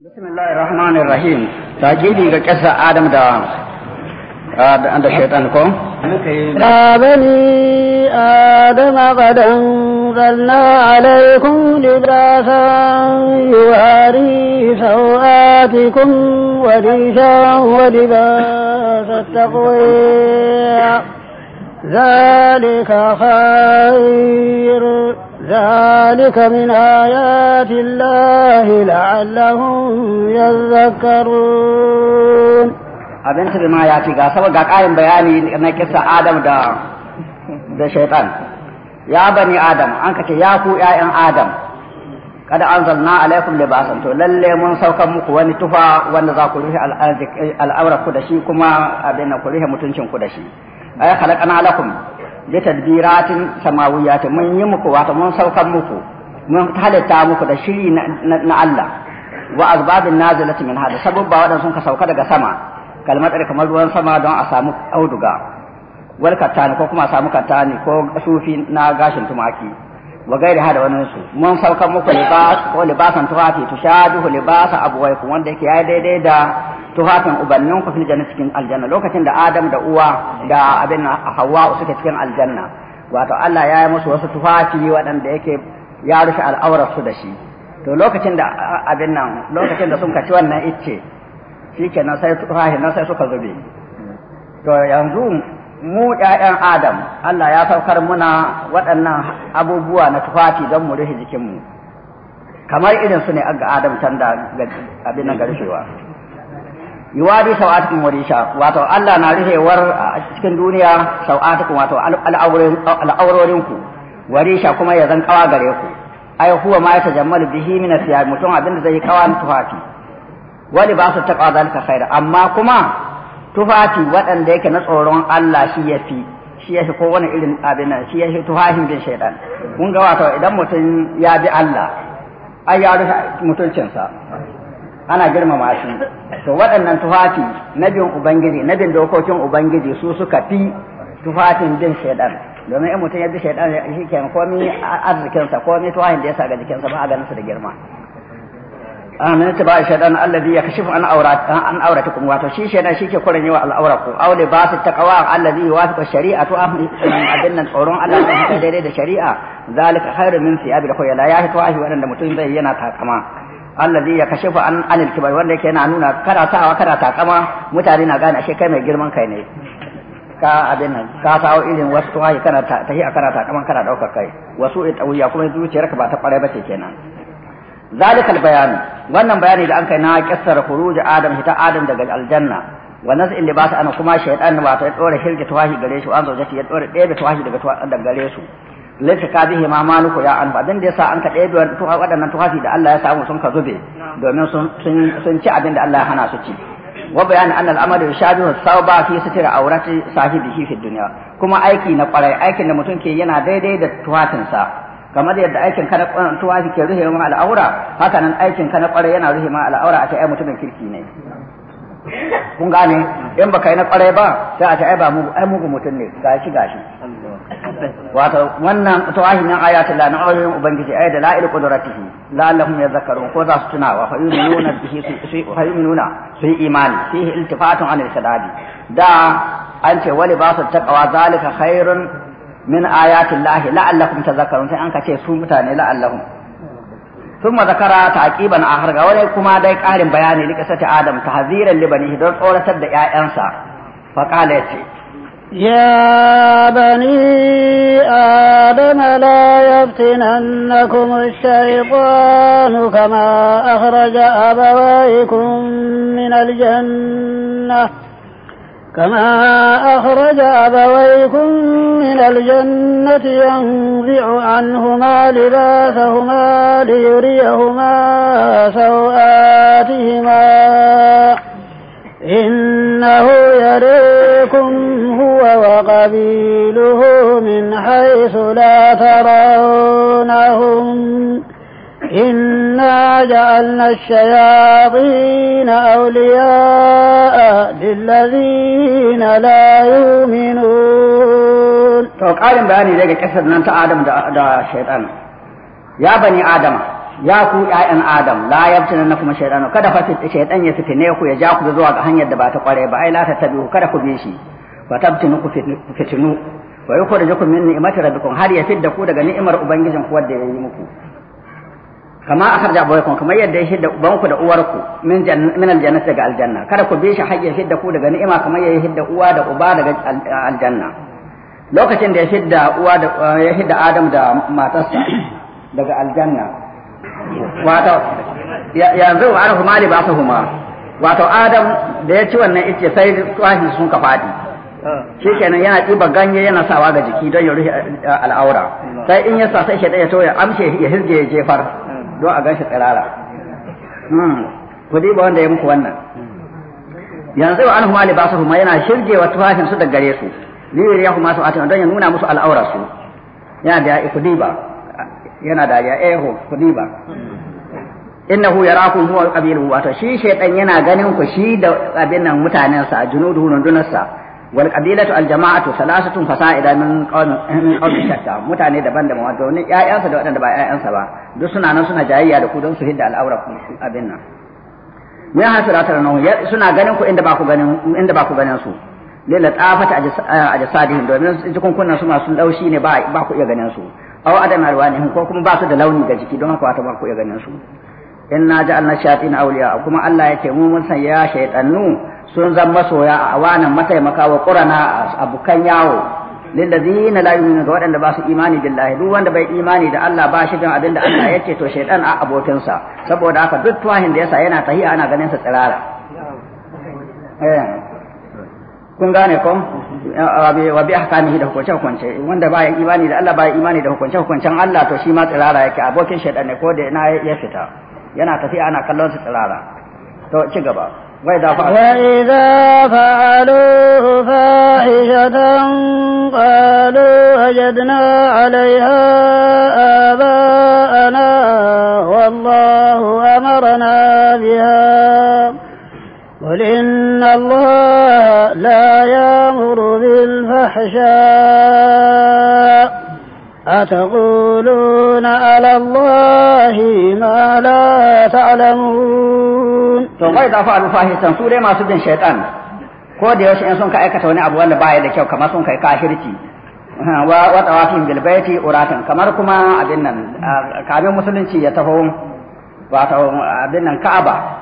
bismillahi rahmanir rahim tajidi ga kasa adam da da shaitan ko ya bani adam qad anzalna alaykum libasan yuhari sawatikum wa rishan wa libas at-taqwa ذلك خير ذلك من آيات الله لعلهم يذكرون abin da ma ya ce ga saba ga bayani na kisa Adam da da shaitan ya bani Adam an kace ya ku ƴaƴan Adam kada an anzalna alaikum libasan to lalle mun sauka muku wani tufa wanda za ku rufe al'aura da shi kuma abin ku rufe mutuncin ku da shi ay khalaqana bi tadbiratin samawiyati mun yi muku wato mun saukan muku mun halitta muku da shiri na Allah wa azbabin nazilati min hada sababba waɗanda sun ka sauka daga sama kalmar kamar ruwan sama don a samu auduga wal kattani ko kuma a samu kattani ko sufi na gashin tumaki wa gairi hada wani mun saukar muku libas ko libasan tufafi tushaduhu libasa abuwaikum wanda yake yayi daidai da tufafin ubannin ku fil janna cikin aljanna lokacin da adam da uwa da abin hawa suke cikin aljanna wato Allah ya yi musu wasu tufafi waɗanda yake ya rufe da shi to lokacin da abin nan lokacin da sun kaci wannan icce shikenan sai nan sai suka zube to yanzu mu ƴaƴan adam Allah ya saukar muna waɗannan abubuwa na tufafi don mu rufe jikinmu kamar irin su ne ga adam can da abin garfewa. Yi wadi sau'atukun warisha wato Allah na rufewar a cikin duniya sau'atukun wato al'aurorinku warisha kuma ya zan kawa gare ku ai huwa ma ya tajammalu bihi min asiyab mutum abin da zai kawa tufafi wani ba su taqwa zalika da amma kuma tufafi waɗanda yake na tsoron Allah shi ya fi shi ya fi ko wani irin abin shi ya fi tufafin bin shaidan kun ga wato idan mutum ya bi Allah ai ya rufe mutuncinsa ana girmama shi to waɗannan tufafi na bin ubangiji na bin dokokin ubangiji su suka fi tufafin bin shaidan domin in mutum ya bi shaidan shi ke komi arzikinsa komi tufafin da ya sa ga jikinsa ba a ganin su da girma Amin ta ba min tibai shaytan alladhi yakshifu an aurata an awratukum wato shi shaytan shi ke kuren yawa al'aura ku aw li basu taqwa wasu yuwafiqu shari'atu ahmi um, abin nan tsoron Allah ne da daidai da shari'a zalika khairun min siyabil khuyala ya hito ahi wanda mutum zai yana takama allazi ya kashe fa an anil kibar wanda yake yana nuna karatawa kana takama mutane na gane ashe kai mai girman kai ne ka abin nan ka sawo irin wasu tuwaye kana tahi a kana takaman kana daukar kai wasu itawiya kuma zuciyarka ba ta kware ba ce kenan zalikal bayani wannan bayani da an kai na kissar khuruj adam hita adam daga aljanna wa naz'in libas an kuma shaytan wato ya dora shirki tuwahi gare shi an ya dora ɗebe tuwahi daga daga gare su laysa ka bihi ma maluku ya an abin da yasa an ka ɗebe waɗannan tuwahi da Allah ya samu sun ka zube domin sun sun ci abin da Allah ya hana su ci wa bayan annal amalu yushabihu sawba fi sitira awrati sahibihi fi dunya kuma aiki na kwarai aikin da mutum ke yana daidai da tuwatinsa kamar yadda aikin ka na tuwafi ke rufe ma al'aura haka nan aikin ka na kwarai yana rufe ma al'aura a ce ai mutumin kirki ne kun gane in baka yi na kwarai ba sai a ce ai ba mugu ai mugu mutum ne gashi gashi wato wannan tuwafi min ayatul la na ayoyin ubangiji ai da la'il qudratihi la'allahum yadhakkarun ko za su tunawa fa yu'minuna bihi fa yu'minuna su yi imani fihi iltifatun anil shadabi da an ce wali ba su taqwa zalika khairun min ayatin lahi la'allakum tazakkarun sai an ka ce su mutane la'allahum sun ma zakara ta aqiban a ga wani kuma dai ƙarin bayani li sati adam ta li banihi don tsoratar da ƴaƴansa fa qala yace يا بني آدم لا يفتننكم الشيطان كما أخرج أبويكم من الجنة كما أخرج أبويكم من الجنة ينزع عنهما لباسهما ليريهما سوآتهما إنه يريكم هو وقبيله من حيث لا ترونهم إنا جعلنا الشياطين أولياء للذين لا يؤمنون to ƙarin bayani daga ƙasar nan ta Adam da shaitan ya bani Adam ya ku ƴaƴan Adam la yabtina na kuma shaitan kada fa shaitan ya fitine ku ya ja ku zuwa ga hanyar da ba ta kware ba ai la tattabi'u kada ku bi shi fa tabtinu ku fitinu wa yukhrijukum min ni'mati rabbikum har ya fidda ku daga ni'imar ubangijin ku wanda ya yi muku kama a harja boyakon kamar yadda ya hidda banku da uwarku min min aljanna daga aljanna kada ku bi shi har hidda ku daga ni'ima kamar ya hidda uwa da uba daga aljanna lokacin da ya hidda uwa da eh, ya hidda Adam da matarsa daga aljanna wato yanzu arhu mali ba su huma wato Adam da ya ci wannan ice sai tsahi sun ka fadi kenan yana ɗiba ganye yana sawa ga jiki don ya rufe eh, al'aura sai in ya sa sai shi ya to ya amshe ya hirge ya jefar don a ganshi tsirara hmm. ku ba wanda ya muku wannan yanzu wa anhuma libasuhum kuma yana shirje wa tufafin su da gare su li yariyahu ma atin don ya nuna musu al'aura su yana da ku diba yana da ya eho ku diba innahu yarakum huwa qabiluhu wato shi shaytan yana ganin ku shi da abin nan mutanen sa junuduhu sa. wal qabilatu al jama'atu salasatun fasa'ida min qawmin min qawmin shatta mutane daban daban wato ne ƴaƴansa da waɗanda ba ƴaƴansa ba duk suna nan suna jayayya da ku don su hidda al'aura abin nan min hasiratar nan suna ganin ku inda ba ku ganin inda ba ku ganin su lalla tsafata a jasadihim domin jikunkunan su laushi ne ba ku iya ganin su aw adam alwanihim ko kuma ba su da launi ga jiki don haka wato ba ku iya ganin su inna ja'alna shayatin kuma Allah ya ce mu mun san ya sun zan masoya a wanan mataimaka wa a abokan yawo lillazina la yu'minu ga waɗanda ba su imani billahi duk wanda bai imani da Allah ba shi jin abin da Allah yake to shaytan a abokinsa saboda haka duk tuwahin da yasa yana tahiya ana ganin sa tsirara eh kun gane kom wa bi ahkamihi da hukunce hukunce wanda ba ya imani da Allah ba ya imani da hukunce hukuncen Allah to shi ma tsirara yake abokin shaytan ne ko da ina ya fita yana tafiya ana kallon sa tsirara to ci gaba وإذا فعلوا, وإذا فاحشة قالوا وجدنا عليها آباءنا والله أمرنا بها قل إن الله لا يأمر بالفحشاء أتقولون على الله ما لا تعلمون to kai da fa alfahisan su dai masu bin shaytan ko da yaushe in sun ka aikata wani abu wanda baya da kyau kamar sun kai kafirci wa wa tawafin bil baiti uratan kamar kuma abin nan kamin musulunci ya taho wato abin nan Ka'aba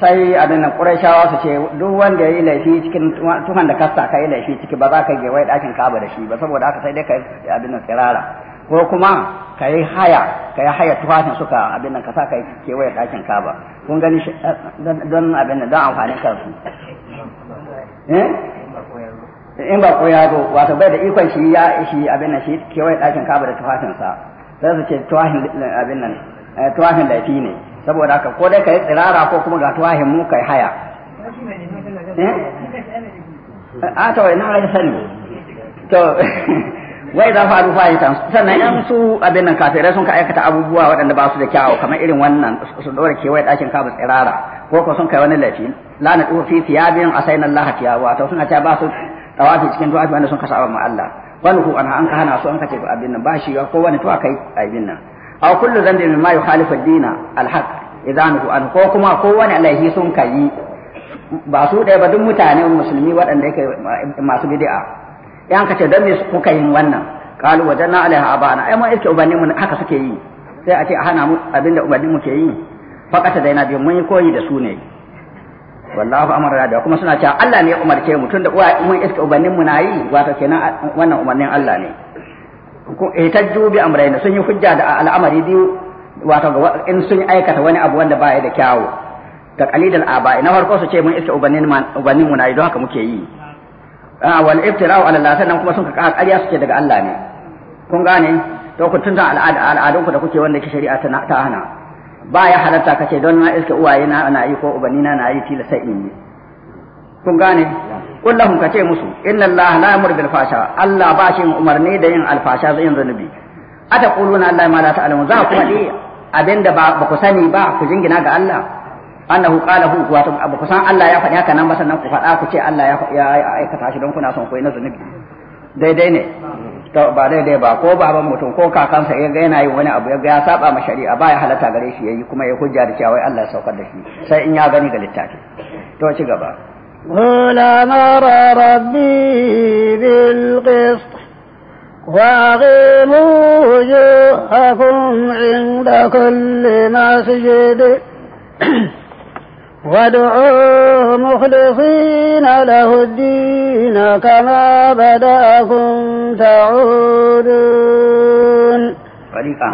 sai abin nan ƙurashawa su ce duk wanda ya yi laifi cikin tuhan da kasta ka yi laifi ciki ba za ka wai ɗakin kaba da shi ba saboda haka sai dai ka yi abin nan tsirara ko kuma ka yi haya ka yi haya tuhatin suka abin nan ka sa ka yi kewaye ɗakin kaba kun gani eh, don abin nan don amfanin kansu eh? in ba ko yaro wato bai da ikon shi ya shi abin nan shi kewaye ɗakin kaba da sa sai su ce tuhatin abin nan eh, tuhatin laifi ne saboda haka ko dai ka yi tsirara ko kuma ga tuwahin mu kai haya eh? a ah, ta to na rage sani to wai za faru ta sannan yan su abin nan kafirai sun ka aikata abubuwa waɗanda ba su da kyawu kamar irin wannan su dora kewaye ɗakin kaba tsirara ko ko sun kai wani laifi lana tuhu fi thiyabin asaina Allah thiyabu to suna ta ba su tawafi cikin tuwafi wanda sun kasa ma Allah wani ku an ka hana su an ka kace abin nan ba shi ko wani tuwa kai abin nan aw kullu dhanbin mimma yukhalifu ad-din al-haq idanu an ko kuma ko wani laifi sun kai ba su ɗaya ba duk mutane musulmi waɗanda yake masu bid'a yan kace dan me su yin wannan qalu wajanna alaiha abana ai mun iske ubanni mun haka suke yi sai a ce a hana mu abinda ubanni mu ke yi faqata daina bi mun yi koyi da su ne wallahu amara da kuma suna cewa Allah ne ya umarce mu tunda uwa mun iske ubannin mu na yi wato kenan wannan umarnin Allah ne ihtajju bi amrayni sun yi hujja da al'amari biyu wato in sun aikata wani abu wanda baya da kyawu ta qalidal aba na farko su ce mun iska ubannin ubannin mu na idan haka muke yi ah, wal iftira'u ala Allah sannan kuma sun ka ƙara ƙarya suke daga Allah ne kun gane to ku tunta al'ada al'adun ku da kuke wanda ke shari'a ta ta hana ba ya halatta kace don na iska uwaye na na yi ko ubanina na na yi tilasa in kun gane kullahum ka ce musu inna allaha la yamur bil fasha allah ba shi umarni da yin alfasha da yin zanubi ata quluna allah ma la ta'lamu za ku faɗi abinda ba ku sani ba ku jingina ga allah annahu qala hu wato ku san allah ya faɗi haka nan ba sannan ku faɗa ku ce allah ya ya aikata shi don kuna son ku yi na zanubi daidai ne to ba daidai ba ko baban mutum ko kakansa ya ga yana yin wani abu ya ga ya saba ma shari'a ba ya halatta gare shi yayi kuma ya hujja da cewa wai Allah ya saukar da shi sai in ya gani da littafi to ci gaba قل أمر ربي بالقسط وأقيموا وجوهكم عند كل مسجد وادعوه مخلصين له الدين كما بدأكم تعودون فريقا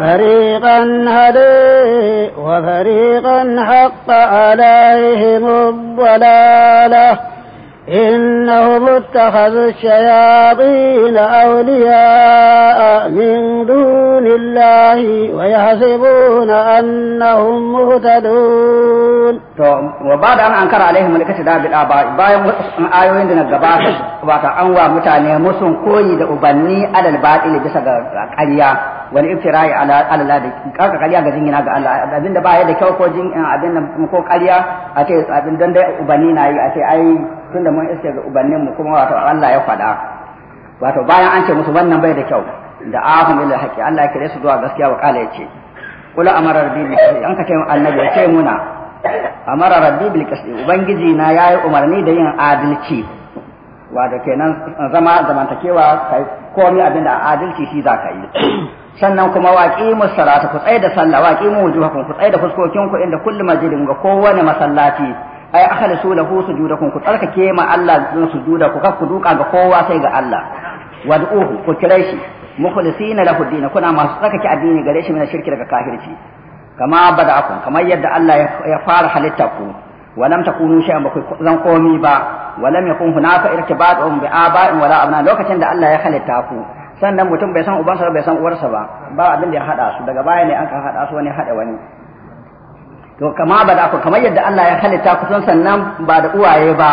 هدي وفريقا حق عليهم الضلالة إنهم اتخذوا الشياطين أولياء من دون الله ويحسبون أنهم مهتدون وبعد أن أنكر عليهم الكسر بالآباء بايهم آيوين دون الجباسة wato an wa mutane musun koyi da ubanni alal batil bisa ga ƙarya wani iftira'i ala alala da kaka ƙarya ga jingina ga Allah abinda ba ya da kyau ko jin eh, abin ko ƙarya a ce abin dan dai ubanni na yi a ce ai tunda mun iske ga ubannin mu kuma wato Allah ya faɗa wato bayan an ce musu wannan bai da kyau da ahum ila haqi Allah ya kire su zuwa gaskiya wa kala yace kula amara rabbi an ka ce annabi ya ce muna amara rabbi bil qist ubangiji na yayi umarni da yin adalci wato kenan zama zamantakewa kai komai abin da adalci shi za ka yi sannan kuma waƙi musallata ku tsaye da sallah waƙi mu wujuhakum ku tsaye da fuskokin ku inda kullu majidin ga kowane masallaci ai akhlasu lahu sujudakum ku tsarkake ma Allah zan sujuda ku ku duka ga kowa sai ga Allah wad'uhu ku kira shi mukhlisina lahu din kuna masu tsarkake addini gare shi min shirki daga kafirci kama bada'akum kamar yadda Allah ya fara halitta ku wa lam takunu shay'an ba ku zan komi ba walam yakun hunaka irtibatun bi aba'in wala abna lokacin da Allah ya halitta ku sannan mutum bai san ubansa bai san uwarsa ba ba abin da ya hada su daga baya ne an ka hada su wani hada wani to kama ba da ku kamar yadda Allah ya halitta ku sun sannan ba da uwaye ba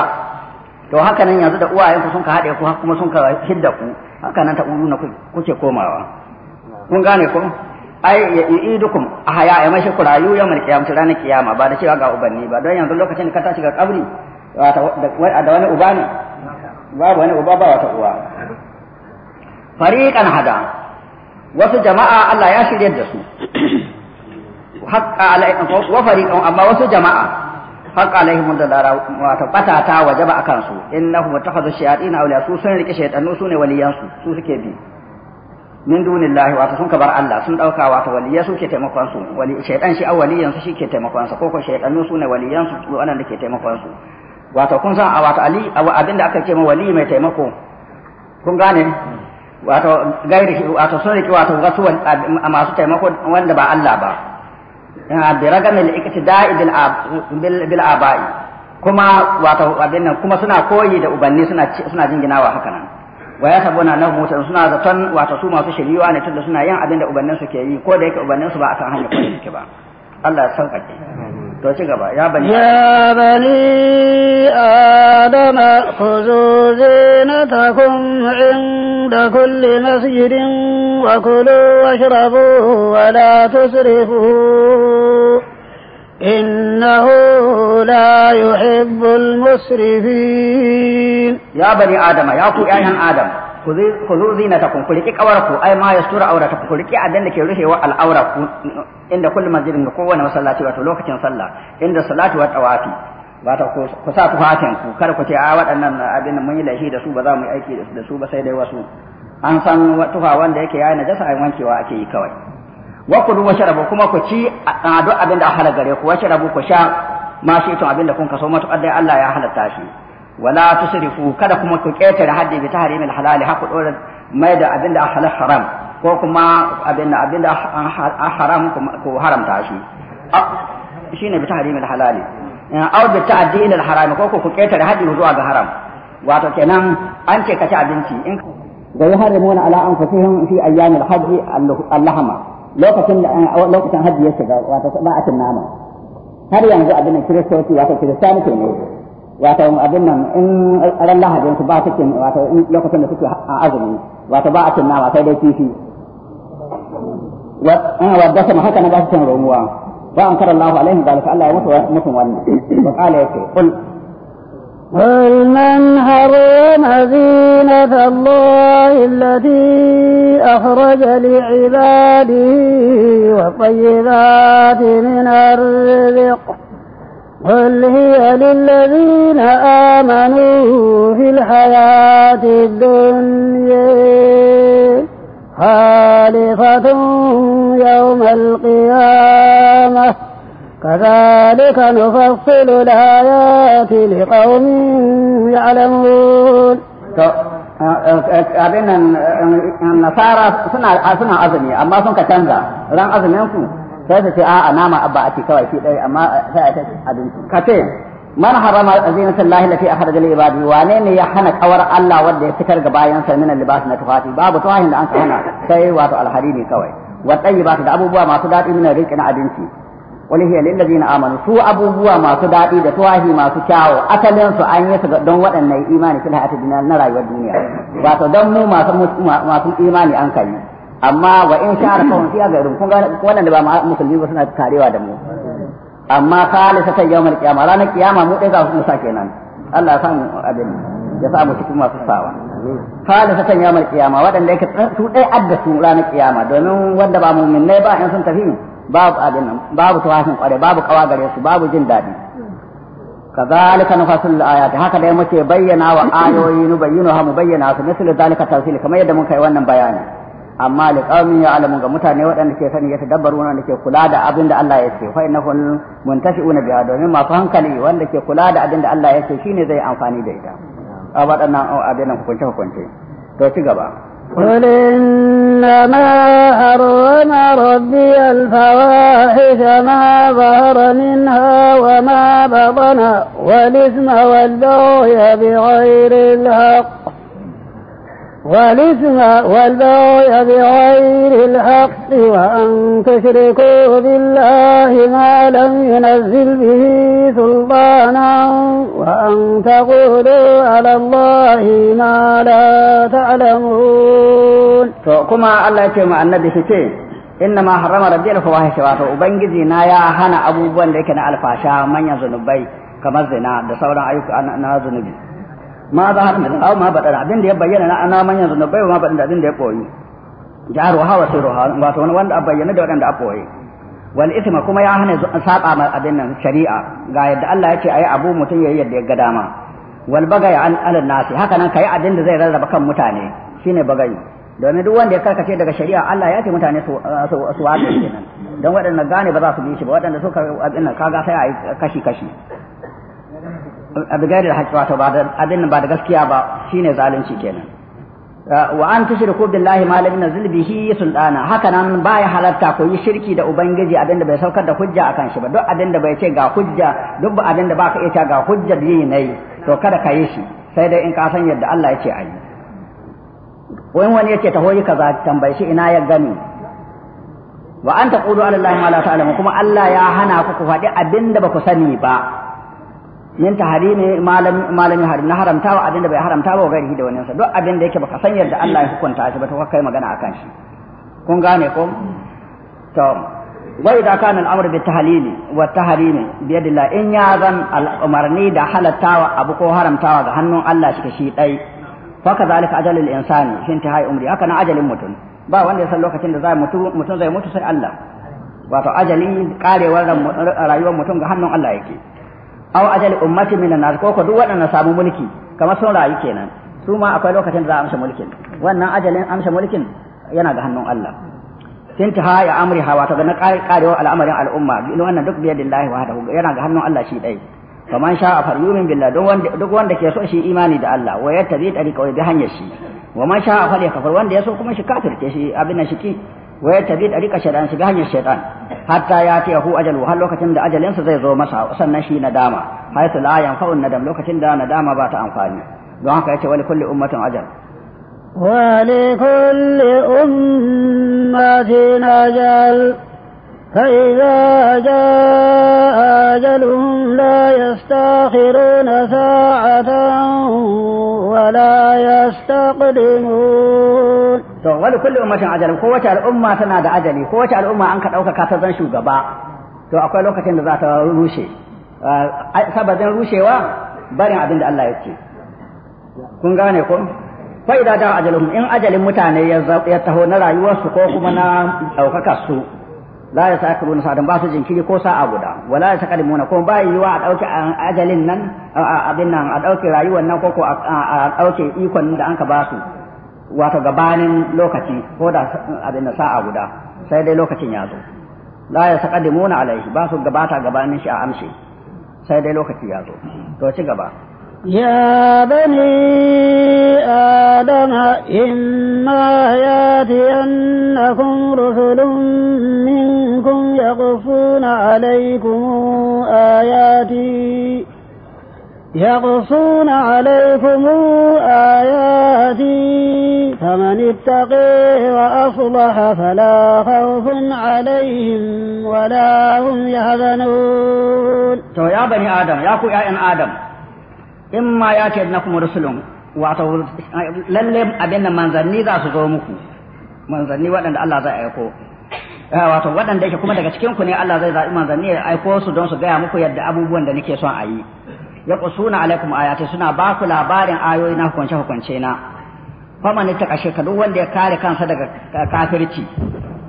to haka nan yanzu da uwayen ku sun ka hade ku kuma sun ka hidda ku haka nan ta uruna kuke komawa kun gane ko ai ya idukum ahaya ya mashi ku rayu ya mulki ranar kiyama ba da cewa ga ubanni ba don yanzu lokacin da ka tashi ga kabri da wani uba ne babu wani uba ba wata uwa fariqan hada wasu jama'a Allah ya shirye da su haqqa alaihim wa fariqan amma wasu jama'a haqqa alaihim dara wata patata wajaba akan su innahu mutakhadhu shayatin awliya su sun rike shaytanu su ne waliyan su su suke bi min dunillahi wa sun kabar Allah sun dauka wata waliya su ke taimakon su wali shaytan shi awliyan su shi ke taimakon sa koko shaytanu su ne waliyan su wannan da ke taimakon su wato kun san a wato ali abin da aka ce ma wali mai taimako kun gane wato gairi wato sun riki wato wasu masu taimako wanda ba Allah ba ina bi ragamil iqtida'i bil aba'i kuma wato abin nan kuma suna koyi da ubanni suna suna jinginawa haka nan wa ya sabona na mutan suna zaton wato su masu shiriwa ne tunda suna yin abin da ubannin su ke yi ko da yake ubannin su ba san hanyar kwarai suke ba Allah ya ke to ci gaba ya bani ya bani adama khuzu zinatakum inda kulli masjidin wa kulu wa la tusrifu إنه لا يحب المسرفين يا بني آدم يا أخو آدم ku zo zinatakum ku riƙi ku. ai ma yastura auratakum ku riƙi abin da ke rushewa ku. inda kullum masjidin ga kowane masallaci wato lokacin sallah inda salatu wa tawafi wato ku sa tufatin ku kar ku ce a waɗannan abin mun yi laifi da su ba za mu yi aiki da su ba sai dai wasu an san tufa wanda yake yayi najasa ai wankewa ake yi kawai wa ku wa sharabu kuma ku ci duk abin da halal gare ku wa sharabu ku sha ma shi to abin da kun kaso matuƙar dai Allah ya halatta shi wala tusrifu kada kuma ku ketare haddi bi tahrimil halal haku dora mai da abinda a halal haram ko kuma abinda abinda a haram ko haramta shi shine bi tahrimil halal aw bi ta'addi ila haram ko ku ketare haddi zuwa ga haram wato kenan an ce ka ci abinci in ga ya harrimuna ala anfusihim fi ayyamil hajji allahama lokacin lokacin hajji ya shiga wato ba a cin nama har yanzu abin kiristoci wato kiristanci ne wato abin nan in ran lahadin su ba su cin wato in lokacin da suke a azumi wato ba a cin nama sai dai kifi wa da sama haka na ba su cin romuwa wa an kara Allahu alaihi zalika Allah ya mutu mutum wannan wa qala yake qul قل من حرم زينة الله التي أخرج لعباده والطيبات من الرزق قل هي للذين آمنوا في الحياة الدنيا خالفة يوم القيامة كذلك نفصل الآيات لقوم يعلمون abin nan nasara suna azumi amma sun ka canza ran azumin sai ta ce a'a nama abba ake kawai shi dai amma eh, sai a ta abinci ka ce man harama zinatan lahi lati akhraja lil ibadi wane ne ya hana kawar Allah wanda ya fitar ga bayan sa min libas na tufafi babu tufahin da an hana sai wato alharimi kawai wa tayyibat da abubuwa masu dadi min rizqin abinci wani hiya lil ladina amanu su abubuwa masu dadi da tuwahi masu kyawo asalin su an yi su don waɗannan imani fil hayati na rayuwar duniya wato don mu masu masu imani an kai amma wa in sha'ara kawun fiya ga irin kun ga wannan da ba musulmi ba suna karewa da mu amma khalisa ta yawmal qiyama ranar kiyama mu dai za mu sa kenan Allah ya mu abin ya mu cikin masu sawa khalisa ta yawmal qiyama wadanda yake su dai adda su ranar kiyama domin wanda ba mu'minai ba in sun tafi babu abin babu tawafin kware babu kawa gare su babu jin dadi كذلك نفصل الآيات هكذا يمشي بينا وآيوين بينها مبينات مثل ذلك التفصيل كما يدمون كيوانا بيانا amma li qaumin ya'lamun ga mutane waɗanda ke sani ya tadabbaru wanda ke kula da abin da Allah ya ce fa innahum muntashi'una biha domin masu hankali wanda ke kula da abin da Allah ya ce shine zai amfani da ita a waɗannan abin nan hukunce hukunce to ci gaba قل إنما حرم ربي الفواحش ما ظهر منها وما بطن والإثم والبغي بغير الحق والإثم والبغي بغير الحق وأن تشركوا بالله ما لم ينزل به سلطانا وأن تقولوا على الله ما لا تعلمون كما الله كما النبي شكي إنما حرم ربي الفواحش واتو وبنجزي نايا هنا أبو بن لكن الفاشا من يزنبي كما الزنا دسورا أيوك أنا زنبي ma za har min hawa ma badara abin da ya bayyana na anaman yanzu na baiwa ma da abin da ya koyi da jaru hawa sai ruha wato wanda a bayyana da wanda a koyi wal ithma kuma ya hana saba ma abin nan shari'a ga yadda Allah ya ce a yi abu mutum ya yi yadda ya ga dama wal bagai an alal nasi haka nan kai abin da zai rarraba kan mutane shine bagai domin duk wanda ya karkace daga shari'a Allah ya ce mutane su su wato kenan dan waɗanda gane ba za su bi shi ba waɗanda suka abin nan kaga sai a kashi kashi bigari da haƙƙi wato abin ba da gaskiya ba shine zalunci kenan uh, wa an tushriku billahi ma lam yunzil bihi sultana haka nan baya halarta ko yi shirki da ubangiji abin da bai saukar da hujja kan shi ba duk abin da bai ce ga hujja duk abin da ka iya ga hujjar yi yi to kada ka yi shi sai dai in ka san yadda Allah ya ce yi wani wani yace taho yi kaza tambayi shi ina ya gani wa an taqulu ala ma la kuma Allah ya hana ku ku faɗi abin da ba ku sani ba min ta malam malami hari na haramta wa abinda bai haramta ba gari da wannan sa duk abin da yake baka san yadda Allah ya hukunta shi ba to kai magana akan shi kun gane ko to wa idza kana al-amru bi tahlili wa tahrimi bi yadillah in ya zan al-umarni da halattawa abu ko haramtawa ga hannun Allah shi shi dai fa kadhalika ajalul insani shin ta umri haka na ajalin mutum ba wanda ya san lokacin da zai mutu mutum zai mutu sai Allah wato ajali karewar rayuwar mutum ga hannun Allah yake aw ajali ummati minan nas ko ko duk waɗannan samu mulki kamar sun rayu kenan su ma akwai lokacin da za a amsa mulkin wannan ajalin amsa mulkin yana ga hannun Allah ha ya amri hawa to ga na karewar al'amarin al'umma bi wannan duk biyadin lahi wahdahu yana ga hannun Allah shi dai faman sha'a falyumin billah duk wanda duk wanda ke so shi imani da Allah wa yattabi tariqa wa bi hanyar shi wa man ya kafar wanda ya so kuma shi kafirce shi abin nan shi ki. ويتبي طريق الشيطان shiga hanyar shaytan hatta ya ce hu ajalu har lokacin da ajalinsa zai zo masa sannan shi nadama haythu la yanfa'u nadam lokacin da nadama ba ta amfani don haka yace wali kulli ummatin ajal ولكل أمة أجل فإذا جاء أجلهم لا يستأخرون ساعة ولا يستقدمون to wani kulli ummatin ajali ko wace al'umma tana da ajali ko wace al'umma an ka ɗaukaka ta zan shugaba to akwai lokacin da za ta rushe sabazin rushewa barin abin da Allah ya ce kun gane ko fa idza da ajaluhum in ajalin mutane ya taho na rayuwarsu ko kuma na ɗaukaka su la ya sakaluna sadan ba su jinkiri ko sa'a guda wala ya sakalimuna ko ba yiwa a dauke ajalin nan abin nan a dauke rayuwar nan ko ko a dauke ikon da an ka ba su wato gabanin lokaci ko da abin da sa'a guda sai dai lokacin ya zo la ya taqaddimuna alaihi ba su gabata gabanin shi a amshi sai dai lokaci ya zo to ci gaba يا بني آدم إما ياتينكم rusulun minkum yaqfuna alaykum Ayati. يقصون عليكم آياتي فمن اتقي وأصلح فلا خوف عليهم ولا هم يحزنون تو يا بني آدم يا كو يا إن آدم إما ياتي ابنكم رسل wato lalle abin nan za su zo muku manzanni waɗanda Allah zai aiko eh, waɗanda yake kuma daga cikin ku ne Allah zai zaɓi manzanni ya aiko su don su gaya muku yadda abubuwan da nake son a yi ya suna alaikum ayati suna ba ku labarin ayoyi na hukunce hukunce na faman ta kashe ka duk wanda ya kare kansa daga kafirci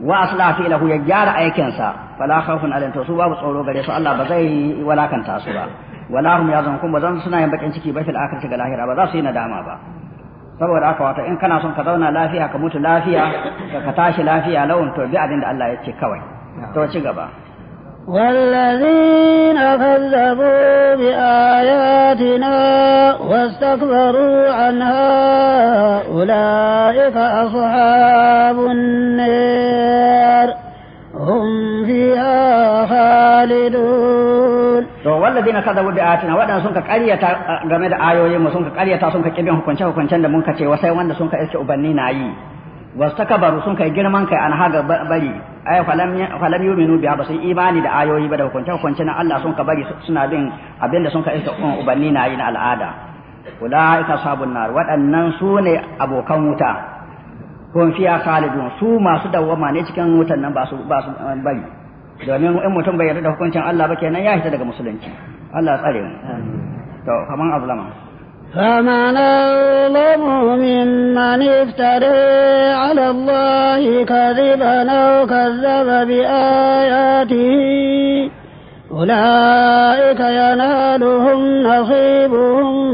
wa asla fi lahu ya gyara aikin sa fala khawfun alaihim to su babu tsoro gare su Allah ba zai walakanta su ba wala hum yazun kun ba zan suna yin bakin ciki ba fil akhirati ga lahira ba za su yi nadama ba saboda aka wato in kana son ka zauna lafiya ka mutu lafiya ka tashi lafiya lawan to bi abin da Allah ya ce kawai to ci gaba والذين كذبوا بآياتنا واستكبروا عنها أولئك أصحاب النار هم فيها خالدون to walladina kadabu bi ayatina wadanda sun ka ƙaryata game da ayoyin mu sun ka ƙaryata sun ka kibin hukunce hukuncen da mun ka ce wasai wanda sun ka iske ubanni na yi wastakabaru sun kai girman kai an haga bari ay falam falam yu'minu biha basu imani da ayoyi ba da hukunce hukunce na Allah sun ka bari suna bin abinda sun ka iska ubanni na yi na al'ada ka sabun nar waɗannan su ne abokan wuta kun fiya khalidun su masu dawwama ne cikin wutan nan ba su ba su eh, bari domin in mutum bai yarda da hukuncin Allah ba kenan ya fita daga musulunci Allah ya tsare mu to kaman azlama فمن أظلم ممن افترى على الله كذبا أو كذب بآياته أولئك ينالهم نصيبهم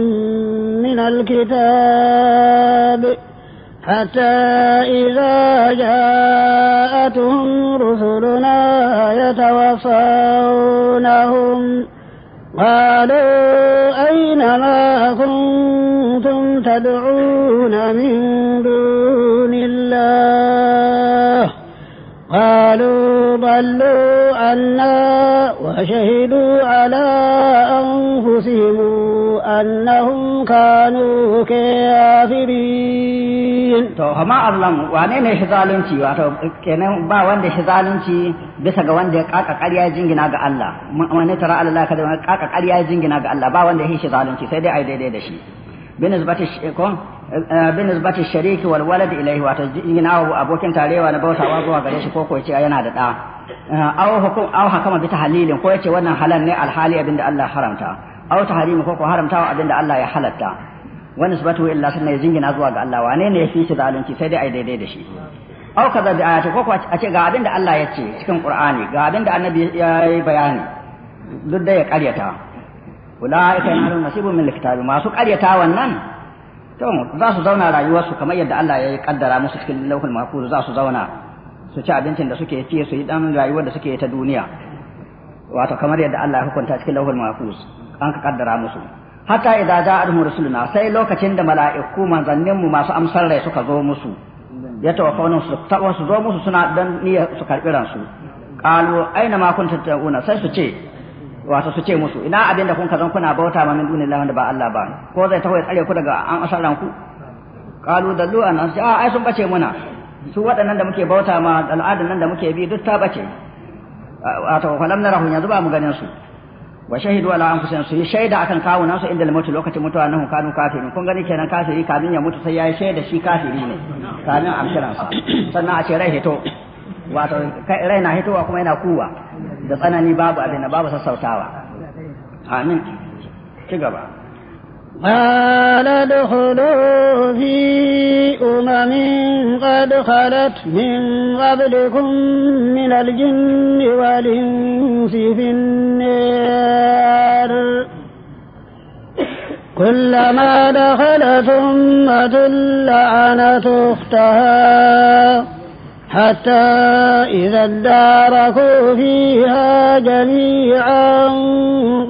من الكتاب حتى إذا جاءتهم رسلنا يتوفونهم قالوا أين ما كنتم تدعون من دون الله قالوا ضلوا عنا وشهدوا على أنفسهم أنهم كانوا كافرين shine to hama azlam wane ne shi zalunci wato kenan ba wanda shi zalunci bisa ga wanda ya kaka ƙarya jingina ga Allah wani tara Allah kada wani kaka ƙarya jingina ga Allah ba wanda shi zalunci sai dai ai daidai da shi binisbati ko eh, binisbati shariki wal walad ilayhi wato jingina wa abokin tarewa na bautawa zuwa gare shi ko ko ce yana da da eh, aw hukum aw hakama bi tahlilin ko yace wannan halal ne alhali abinda Allah haramta aw tahrimu ko ko haramtawa abinda Allah ya halatta wani subatu illa sunna ya zingina zuwa ga Allah wane ne ya fi da zalunci sai dai ai daidai da shi au kaza bi ayati ko a ce ga abin da Allah ya ce cikin Qur'ani ga abin da Annabi ya yi bayani duk da ya karyata ulaika yanarun nasibun min alkitabi masu karyata wannan to za su zauna rayuwar su kamar yadda Allah ya yi kaddara musu cikin lauhul mahfuz za su zauna su ci abincin da suke ci su yi dan rayuwar da suke ta duniya wato kamar yadda Allah ya hukunta cikin lauhul mahfuz an ka kaddara musu hatta idza ja'ahum rusuluna sai lokacin da mala'iku manzannin mu masu amsar rai suka zo musu ya tawaffawna su tawan su zo musu suna dan niyya su karbi ransu qalu aina ma kunta ta'una sai su ce wato su ce musu ina abin da kun kazan kuna bauta ma min dunillahi wanda ba Allah ba ko zai tawaye tsare ku daga an asar ranku qalu dallu an a ai sun bace muna su waɗannan da muke bauta ma al'adun nan da muke bi duk ta bace wato falam narahu yanzu ba mu ganin su wa shahidu ala anfusihim su yi shaida akan kawo nasu inda lamatu lokacin mutuwa nan kanu kafiri kun gani kenan kafiri kamin ya mutu sai ya yi shaida shi kafiri ne kamin amshiran sa sannan a ce rai hito wato rai na hitowa kuma yana kuwa da tsanani babu abin da babu sassautawa amin ci gaba قال ادخلوا في أمم قد خلت من قبلكم من الجن والإنس في النار كلما دخلت أمة لعنت أختها حتى إذا اداركوا فيها جميعا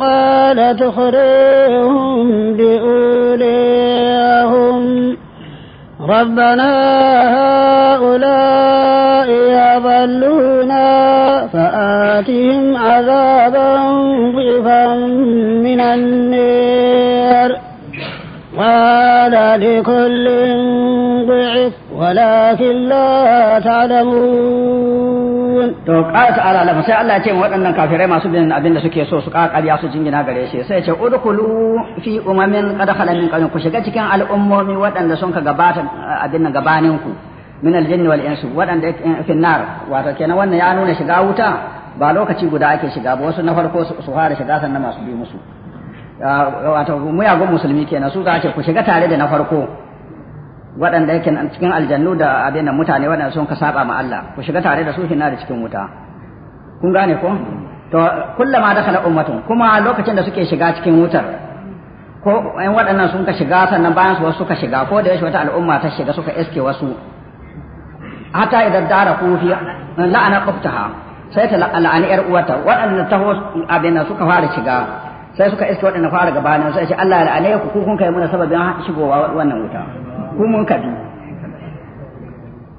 قالت اخريهم بأوليهم ربنا هؤلاء يضلونا فآتهم عذابا ضعفا من النير قال لكل ضعف ولكن لا تعلمون to ƙara ta'ala lafa sai Allah ya ce waɗannan kafirai masu bin abin da suke so su ƙaƙariya su jingina gare shi sai ya ce udkhulu fi umamin qad khala min qabl ku shiga cikin al'ummomi waɗanda sun ka gabata abin nan gabanin ku min aljinni wal insu waɗanda fi nar wato kenan wannan ya nuna shiga wuta ba lokaci guda ake shiga ba wasu na farko su fara shiga sannan masu bi musu ah, wato muyagun musulmi kenan su za ce ku shiga tare da na farko waɗanda yake cikin aljannu da abin mutane waɗanda sun ka saba ma Allah ku shiga tare da su na da cikin wuta kun gane ko to kullama kana ummatun kuma lokacin da suke shiga cikin wutar ko ɗan waɗannan sun ka shiga sannan bayan su wasu suka shiga ko da yashi wata al'umma ta shiga suka iske wasu Hata idan dara ku fi la'ana qaftaha sai ta la'ani yar uwata waɗanda taho abin da suka fara shiga sai suka iske waɗanda fara gabanin sai ce Allah ya la'ane ku ku kun kai muna sababin shigowa wannan wuta ku mun ka bi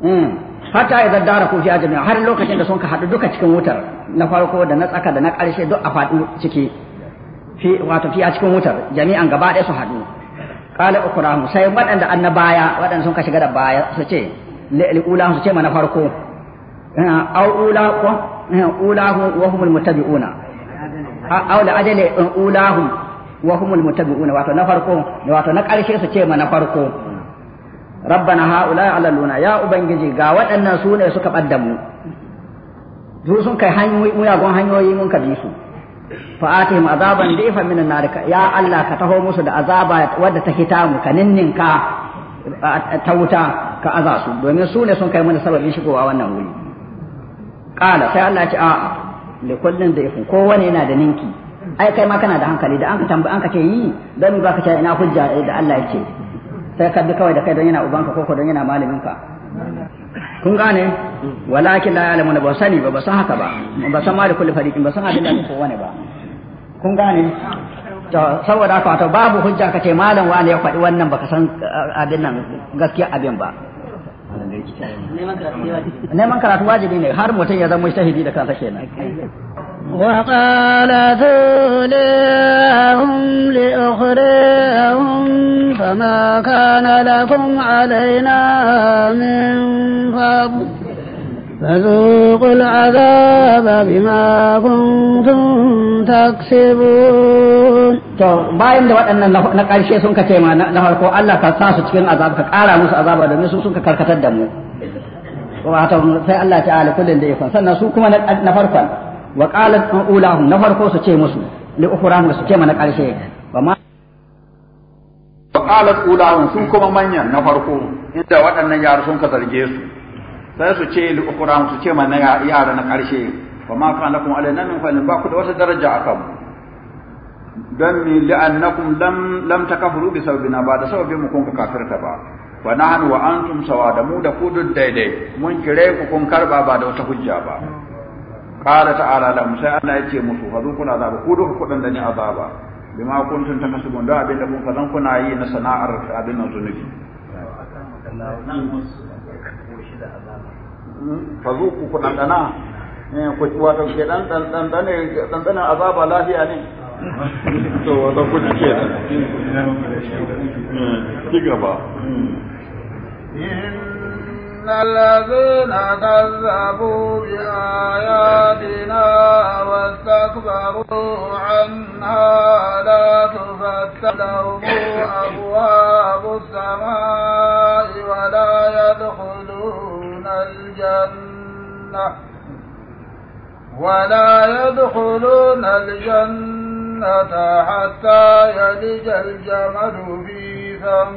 hmm. hatta idza dara ku fi ajami har lokacin da sun ka hadu duka cikin wutar na farko da na tsaka da na karshe duk a faɗu ciki fi wato fi a cikin wutar jami'an gaba da su haɗu qala ukrahu sai waɗanda annabaya wadanda sun ka shiga da baya su ce li'ula su ce mana farko hmm, aw ula ko hmm, hu wa humul muttabi'una aw la ajali um, ulahu wa humul muttabi'una wato na farko wato na karshe su ce mana farko rabbana haula alaluna ya ubangiji ga waɗannan su ne suka ɓadda mu su sun kai hanyoyi muyagun hanyoyi mun ka bi su fa atihim azaban difa min nar ya allah ka taho musu da azaba wadda ta hita mu ka ninninka ta wuta ka aza su domin su ne sun kai mana sababin shigowa wannan wuri qala sai allah ce a'a da li kullin da'ifun kowane yana da ninki ai kai ma kana da hankali da an ka tambaye an ka ce yi dan ba ka ce ina hujja da allah ya ce sai ka bi kawai da kai don yana ubanka ko ko don yana malaminka kun gane walakin la ya'lamuna ba sani ba ba san haka ba ba san ma da kulli fariqin ba san abin da ko wani ba kun gane to saboda haka to babu hujja kace malam wani ya faɗi wannan baka san eh, abin nan gaskiya abin ba neman karatu wajibi ne har mutum ya zama shahidi da kansa kenan وقال ثولاهم لأخريهم فما كان لكم علينا من فضل فذوقوا العذاب بما كنتم تكسبون to bayan da waɗannan na ƙarshe sun ka ma na farko Allah ka sa su cikin azab ka ƙara musu azaba domin su sun ka karkatar da mu wato sai Allah ta'ala kullun da ikon sannan su kuma na farkon wa qalat ulahum na farko su ce musu li ukhrahum su ce mana karshe wa ma wa qalat ulahum sun kuma manyan na farko inda waɗannan yara sun ka zarge su sai su ce li ukhrahum su ce mana yara na karshe wa ma kana lakum alaina min fa'in ba ku da wata daraja akan dan mi li'annakum lam lam takafuru bi sababina ba da sababin mu kun ka kafirta ba wa nahnu wa antum sawa da mu da daidai mun kire ku kun karba ba da wata hujja ba qala ta'ala la musa Allah yake musu fa zun kuna azaba ko duka kudin da ni azaba bima kuntum takasubun da abin da kun fadan, kuna yi na sana'ar abin nan zunubi fa zuku ku dan dana eh, lafiya ne to hmm. gaba hmm. إن الذين كذبوا بآياتنا واستكبروا عنها لا تفتح لهم أبواب السماء ولا يدخلون الجنة ولا يدخلون الجنة حتى يلج الجمل في ذم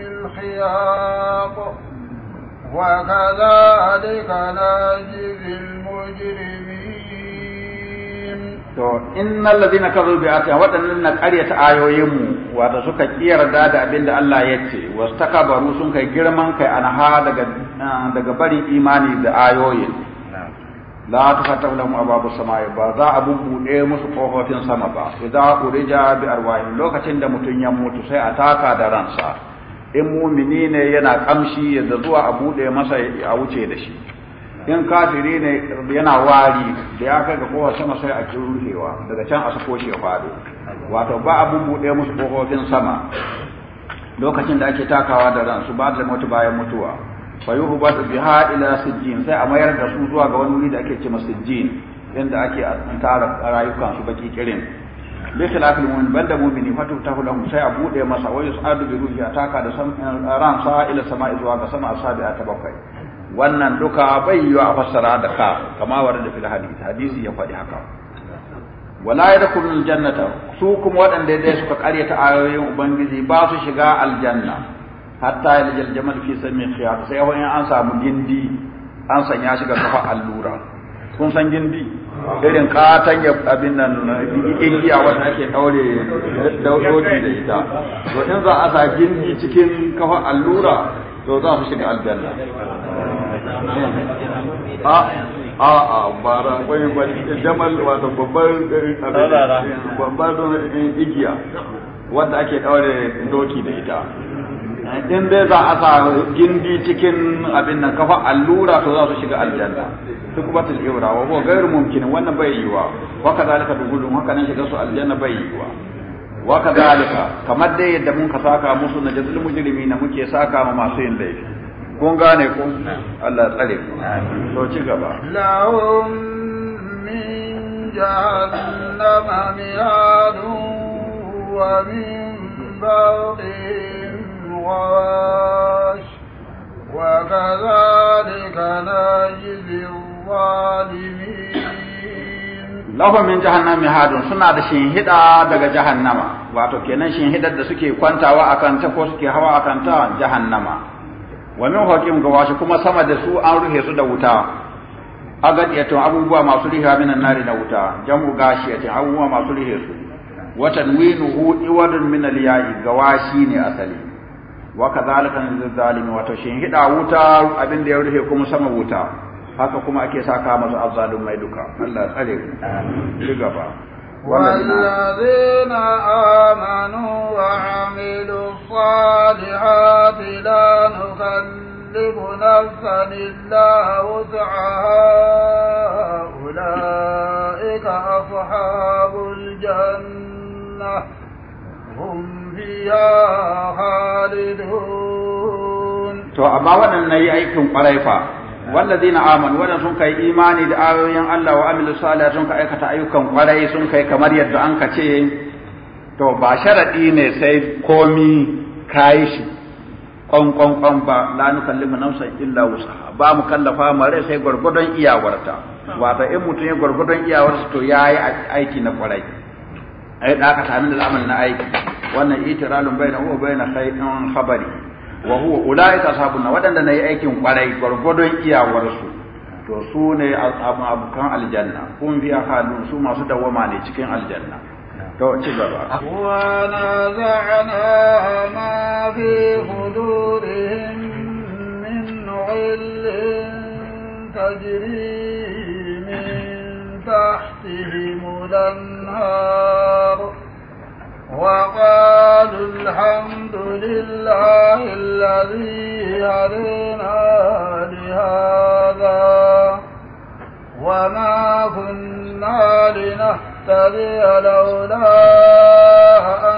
الخياط وكذلك نجزي المجرمين to innal ladina kafaru bi ayatina wadannan na qaryata ayoyinmu wato suka kiyarda da abinda Allah ya ce takabaru sun kai girman kai anha daga daga bari imani da ayoyin la tufatahu lahum ababu samai ba za a bubbude musu kofofin sama ba idza urija bi arwahin lokacin da mutun ya mutu sai a taka da ransa in mumini ne yana kamshi yadda zuwa a buɗe masa a wuce da shi in kafiri ne yana wari da ya kai ga kowa sama sai a rufewa daga can a sako shi faɗo wato ba abun buɗe musu kofofin sama lokacin da ake takawa da ransu ba da mutu bayan mutuwa fayuhu ba ha ila sijjin sai a mayar da su zuwa ga wani wuri da ake ce sijjin inda ake tara rayukan su baki kirin bi khilafil mu'min banda mu'mini fa tuftahu lahu sai a bude masa wa yus'adu bi ruhi ataka da sam eh, ran sa ila sama'i zuwa ga sama asabi'a ta bakwai wannan duka bai yi a fassara da ka kama warda fil hadith hadisi ya faɗi haka wala yadkhulul jannata su kuma waɗanda dai suka ta ayoyin ubangiji ba su shiga aljanna hatta yaljal jamal fi sami khiyar sai wani an samu gindi an sanya shi ga kafa allura kun san gindi irin katon ya abin nan igiya wanda ake daure dauki da ita to in za a sa gindi cikin kafa allura to za mu shiga aljanna a a a bara wani wani jamal wato babbar don igiya wanda ake daure doki da ita in dai za a sa gindi cikin abin nan kafa allura to za su shiga aljanna kuma ta ibra wa ko gairu mumkin wannan bai yiwa wa kadhalika dugulun haka nan shiga su aljanna bai yiwa wa kadalika kamar dai yadda mun ka saka musu na jazil na muke saka ma masu yin laifi kun gane ko Allah tsare ku to ci gaba lahum min jahannama mi'adun wa min bawdin الفواش وكذلك نجزي suna لهم من جهنم هاد wato kenan shinhidar da suke kwantawa akan ta ko suke hawa akan ta jahannama wa min hakim gawashi kuma sama da su an rufe su da wuta agadiyatun abubuwa masu riha minan nari da wuta jamu gashiyatun abubuwa masu rihe su watan winuhu iwadun min al-ya'i gawashi ne asali wa kadhalika nadzil zalimi wato shin hida wuta abin da ya rufe kuma sama wuta haka kuma ake saka masu azzalum mai duka Allah tsare mu amin gaba والذين آمنوا وعملوا الصالحات لا نكلف نفسا إلا وسعها أولئك أصحاب الجنة هم فيها to amma wannan nayi aikin kwarai fa wallazina amanu wannan sun kai imani da ayoyin Allah wa amilu salihah sun kai aikata ayyukan kwarai sun kai kamar yadda an ka ce to ba sharadi ne sai komi kai shi kon kon kon ba la nusallimu nausa illa wusa ba mu kallafa mu rai sai gurgudan iyawarta wato in mutun ya gurgudan iyawarsa to yayi aiki na kwarai Ayi da aka sami da na aiki wannan itiralun bayna huwa bayna khayrin khabari wa huwa ulaika waɗanda wadanda nayi aikin kwarai gurgudun iyawarsu. su to su ne abukan aljanna kun biya halun su masu dawama ne cikin aljanna to ci gaba wa za'ana ma fi hudurihim min 'illin tajri تحتهم الأنهار وقالوا الحمد لله الذي هدينا لهذا وما كنا لنهتدي لولا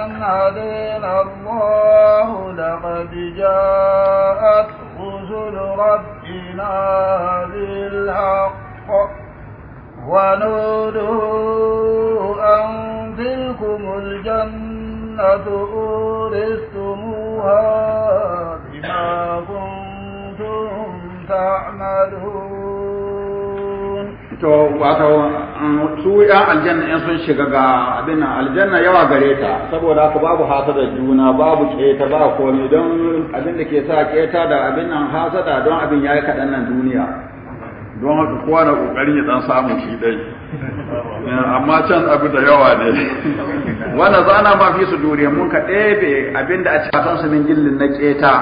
أن هدينا الله لقد جاءت رسل ربنا بالحق ونودوا أن تلكم الجنة أورثتموها بما كنتم تعملون to wato mm, su ya aljanna in sun shiga ga abin nan. aljanna yawa gare ta saboda haka babu hasada juna babu keta ba komai don abin da ke sa keta da abin nan hasada don abin yayi kaɗan nan duniya don haka kowa na kokarin ya dan samu shi dai amma can abu da yawa ne wannan zana ma fi su dure mun ka ɗebe abinda a cikin su min gillin na keta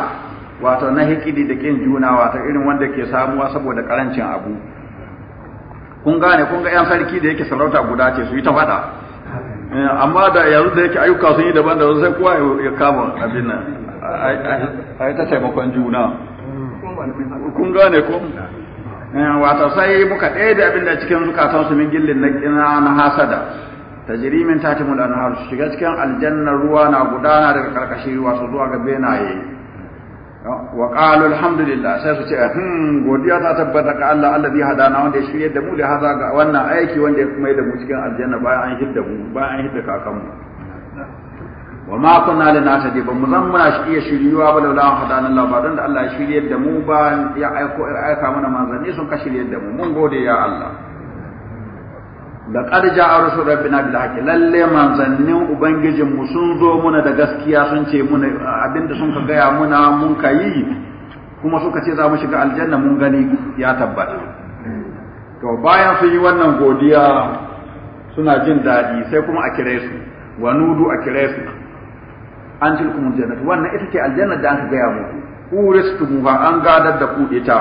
wato na hikidi da kin juna wato irin wanda ke samuwa saboda karancin abu kun gane kun ga yan sarki da yake sarauta guda ce su yi ta fada amma da yanzu da yake ayyuka sun yi daban da sai kowa ya kama abin nan a yi ta taimakon juna mm. kun gane ko Eh, wato sai muka ɗaya da abin da cikin zukatan su min gillin na na hasada tajri min tatimul anhar shiga cikin aljanna ruwa na gudana daga karkashi su zuwa ga benaye wa qalu alhamdulillah sai su ce hmm godiya ta tabbata ga Allah Allah hada hadana wanda ya shirye da mu da haza ga wannan aiki wanda ya kuma yi da mu cikin aljanna bayan an hidda mu bayan an hidda kakanmu wa ma kunna lana tadi ba mu zan muna iya shiryuwa ba laula hadana Allah ba don da Allah ya shirye da mu ba ya aiko aika mana manzanni sun ka shirye da mu mun gode ya Allah da qad ja'a rusul rabbina bil haqq lalle manzannin ubangijin mu sun zo muna da gaskiya sun ce muna abinda sun ka gaya muna mun kai kuma suka ce za mu shiga aljanna mun gani ya tabbata to bayan sun yi wannan godiya suna jin daɗi sai kuma a kire su wa nudu a kire su an tilkum jannat wannan ita ce aljanna da aka gaya muku ba an gadar da ku ita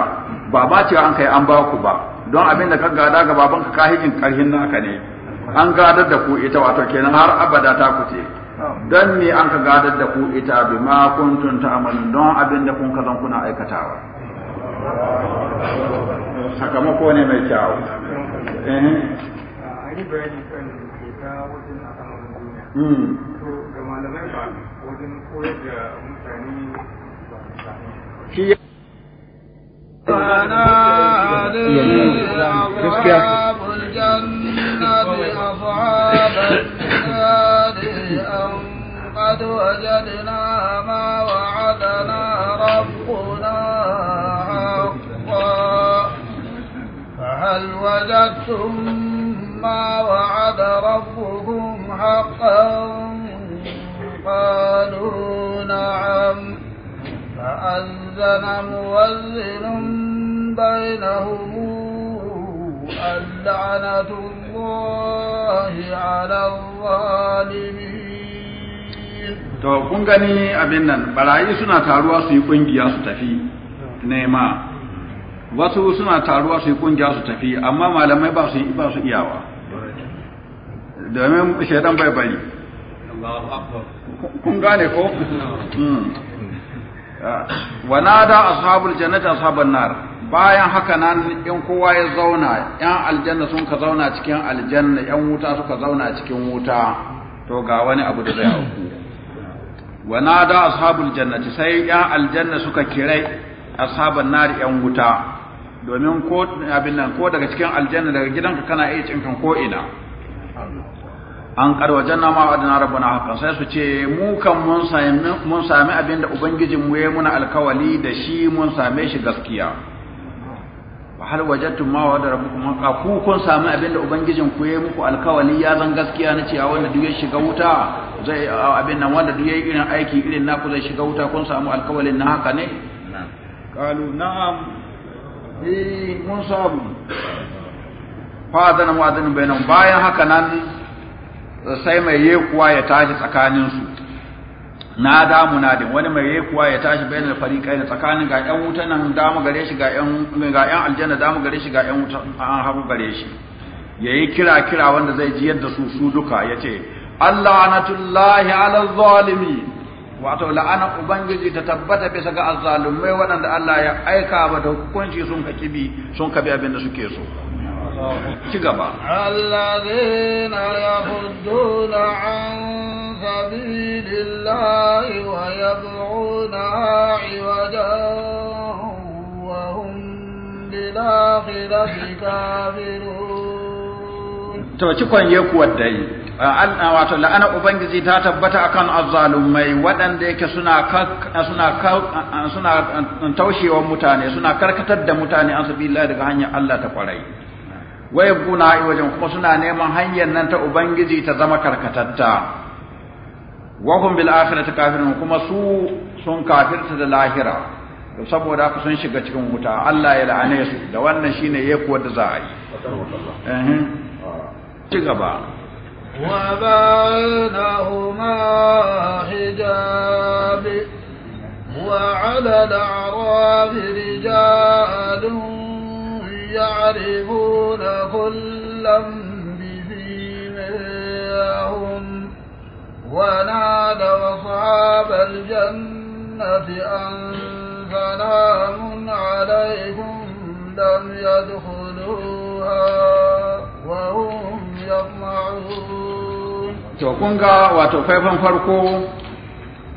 ba ba ce an kai an ba ku ba don abin da ka gada ga baban ka kahijin karhin naka ne an gadar da ku ita wato kenan har abada ta ku ce don me an ka gadar da ku ita bi ma kuntum ta'malun don abin da kun kazan kuna aikatawa sakamako ne mai kyau eh a yi bayani kan ke ta wajen a duniya hmm. to ga malamai ba shi gaskiya قد وجدنا ما وعدنا ربنا حقا فهل وجدتم ما وعد ربكم حقا قالوا نعم فأذن موزن بينهم اللعنة الله على الظالمين to kun gani abin nan barayi suna taruwa su yi kungiya su tafi nema wasu suna taruwa su yi kungiya su tafi amma malamai ba su iyawa domin shaidan bai bari kun gane ko hmm. ah. wanada ashabul jannati ashabun nar bayan haka nan in kowa ya zauna yan aljanna sun ka zauna cikin aljanna yan wuta suka zauna cikin wuta to ga wani abu da zai auku wanada ashabul jannati sai yan aljanna suka kirai ashabun nar yan wuta domin ko abin nan ko daga cikin aljanna daga gidanka kana iya cinkan ko ina an karwajen nama wa adana rabbana hakan sai su ce mu kan mun sami abin da ubangijin mu ya muna alkawali da shi mun same shi gaskiya ba hal wajattum ma wa rabbukum ka ku kun sami abin da ubangijin ku ya muku alkawali ya zan gaskiya na cewa wanda duk ya shiga wuta zai abin nan wanda duk ya irin aiki irin naku zai shiga wuta kun samu alkawalin na haka ne qalu na'am eh mun samu fa adana mu'adin bainahum bayan haka nan sai mai yi kuwa ya tashi tsakaninsu na damu na din wani mai yi kuwa ya tashi bayan alfari kai na tsakanin ga ƴan wuta nan damu gare shi ga 'yan aljanna damu gare shi ga ƴan wuta an haru gare shi yi kira kira wanda zai ji yadda su su duka ce, Allah na tullahi ala zalimi wato la'ana ubangiji ta tabbata bisa ga azzalumai waɗanda Allah ya aika ba da hukunci sun ka kibi sun ka bi abin da suke so ci gaba alladhina yafudduna an sabilillahi wa yab'una wa hum bil akhirati kafirun to ci kwanye kuwa dai wato la'ana ubangiji ta tabbata akan azzalumai waɗanda yake suna suna suna taushewa mutane suna karkatar da mutane an sabi daga hanyar Allah ta kwarai wa yabquna wajen kuma suna neman hanyar nan ta ubangiji ta zama karkatatta wa hum bil akhirati kafirun kuma su sun kafirta da lahira saboda ku sun shiga cikin wuta Allah ya la'ane su da wannan shine yake wanda za a yi ci gaba wa bainahuma wa 'ala al rijalun يعرفون كلا بدينهم ونادوا أصحاب الجنة أن سلام عليكم لم يدخلوها وهم يطمعون. To kun ga wato faifan farko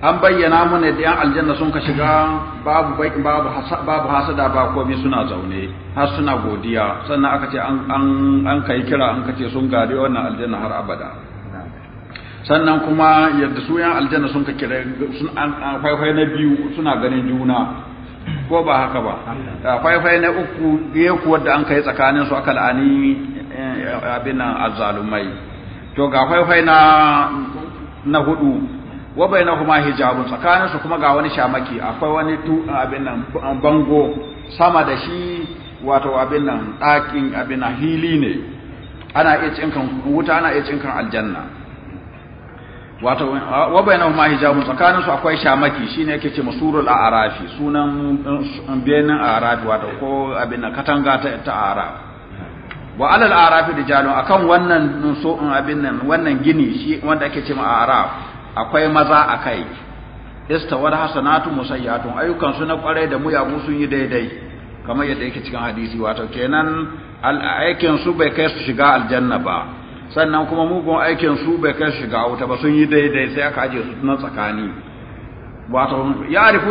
an bayyana mana da yan aljanna sun ka shiga babu babu babu hasada ba komai suna zaune har suna godiya sannan aka ce an an an kai kira an kace sun gari wannan aljanna har abada sannan kuma yadda su yan aljanna sun ka kira sun an faifai na biyu suna ganin juna ko ba haka ba faifai na uku ya kuwa da an kai tsakanin su aka la'ani eh, abin nan azzalumai to ga faifai na na hudu wa bainahuma hijabun tsakaninsu su kuma ga wani shamaki akwai wani tu abin nan bango sama da shi wato abin nan ɗakin abin nan hili ne ana iya cinkan wuta ana iya cinkan aljanna wato wa bainahuma hijabun tsakaninsu su akwai shamaki shine yake ce masurul arafi sunan um, benin arafi wato ko abin nan katanga ta ta wa alal arafi rijalun akan wannan so abin nan wannan gini shi wanda ake ce ma araf akwai maza a kai istawar hasanatu musayyatun ayyukan su na kwarai da muya sun yi daidai kamar yadda yake cikin hadisi wato kenan aikin su bai kai su shiga aljanna ba sannan kuma mugun aikin su bai kai su shiga wuta ba sun yi daidai sai aka aje su na tsakani wato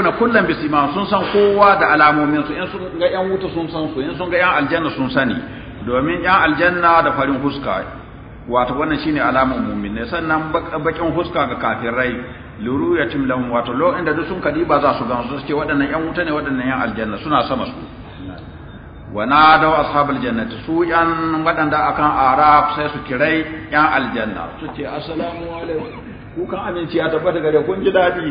na kullan bisima sun san kowa da alamomin su in sun ga yan wuta sun san su in sun ga yan aljanna sun sani domin yan aljanna da farin huska wato wannan shine alamun mu'min sannan bakin huska ga kafirai luru ya lahum wato lo inda duk sun kadi ba za su gan su suke waɗannan ƴan wuta ne waɗannan ƴan aljanna suna sama su wa nadaw ashabul jannati su ƴan waɗanda akan araf sai su kirai ƴan aljanna su ce assalamu alaikum ku kan amince ya tabbata gare kun ji dadi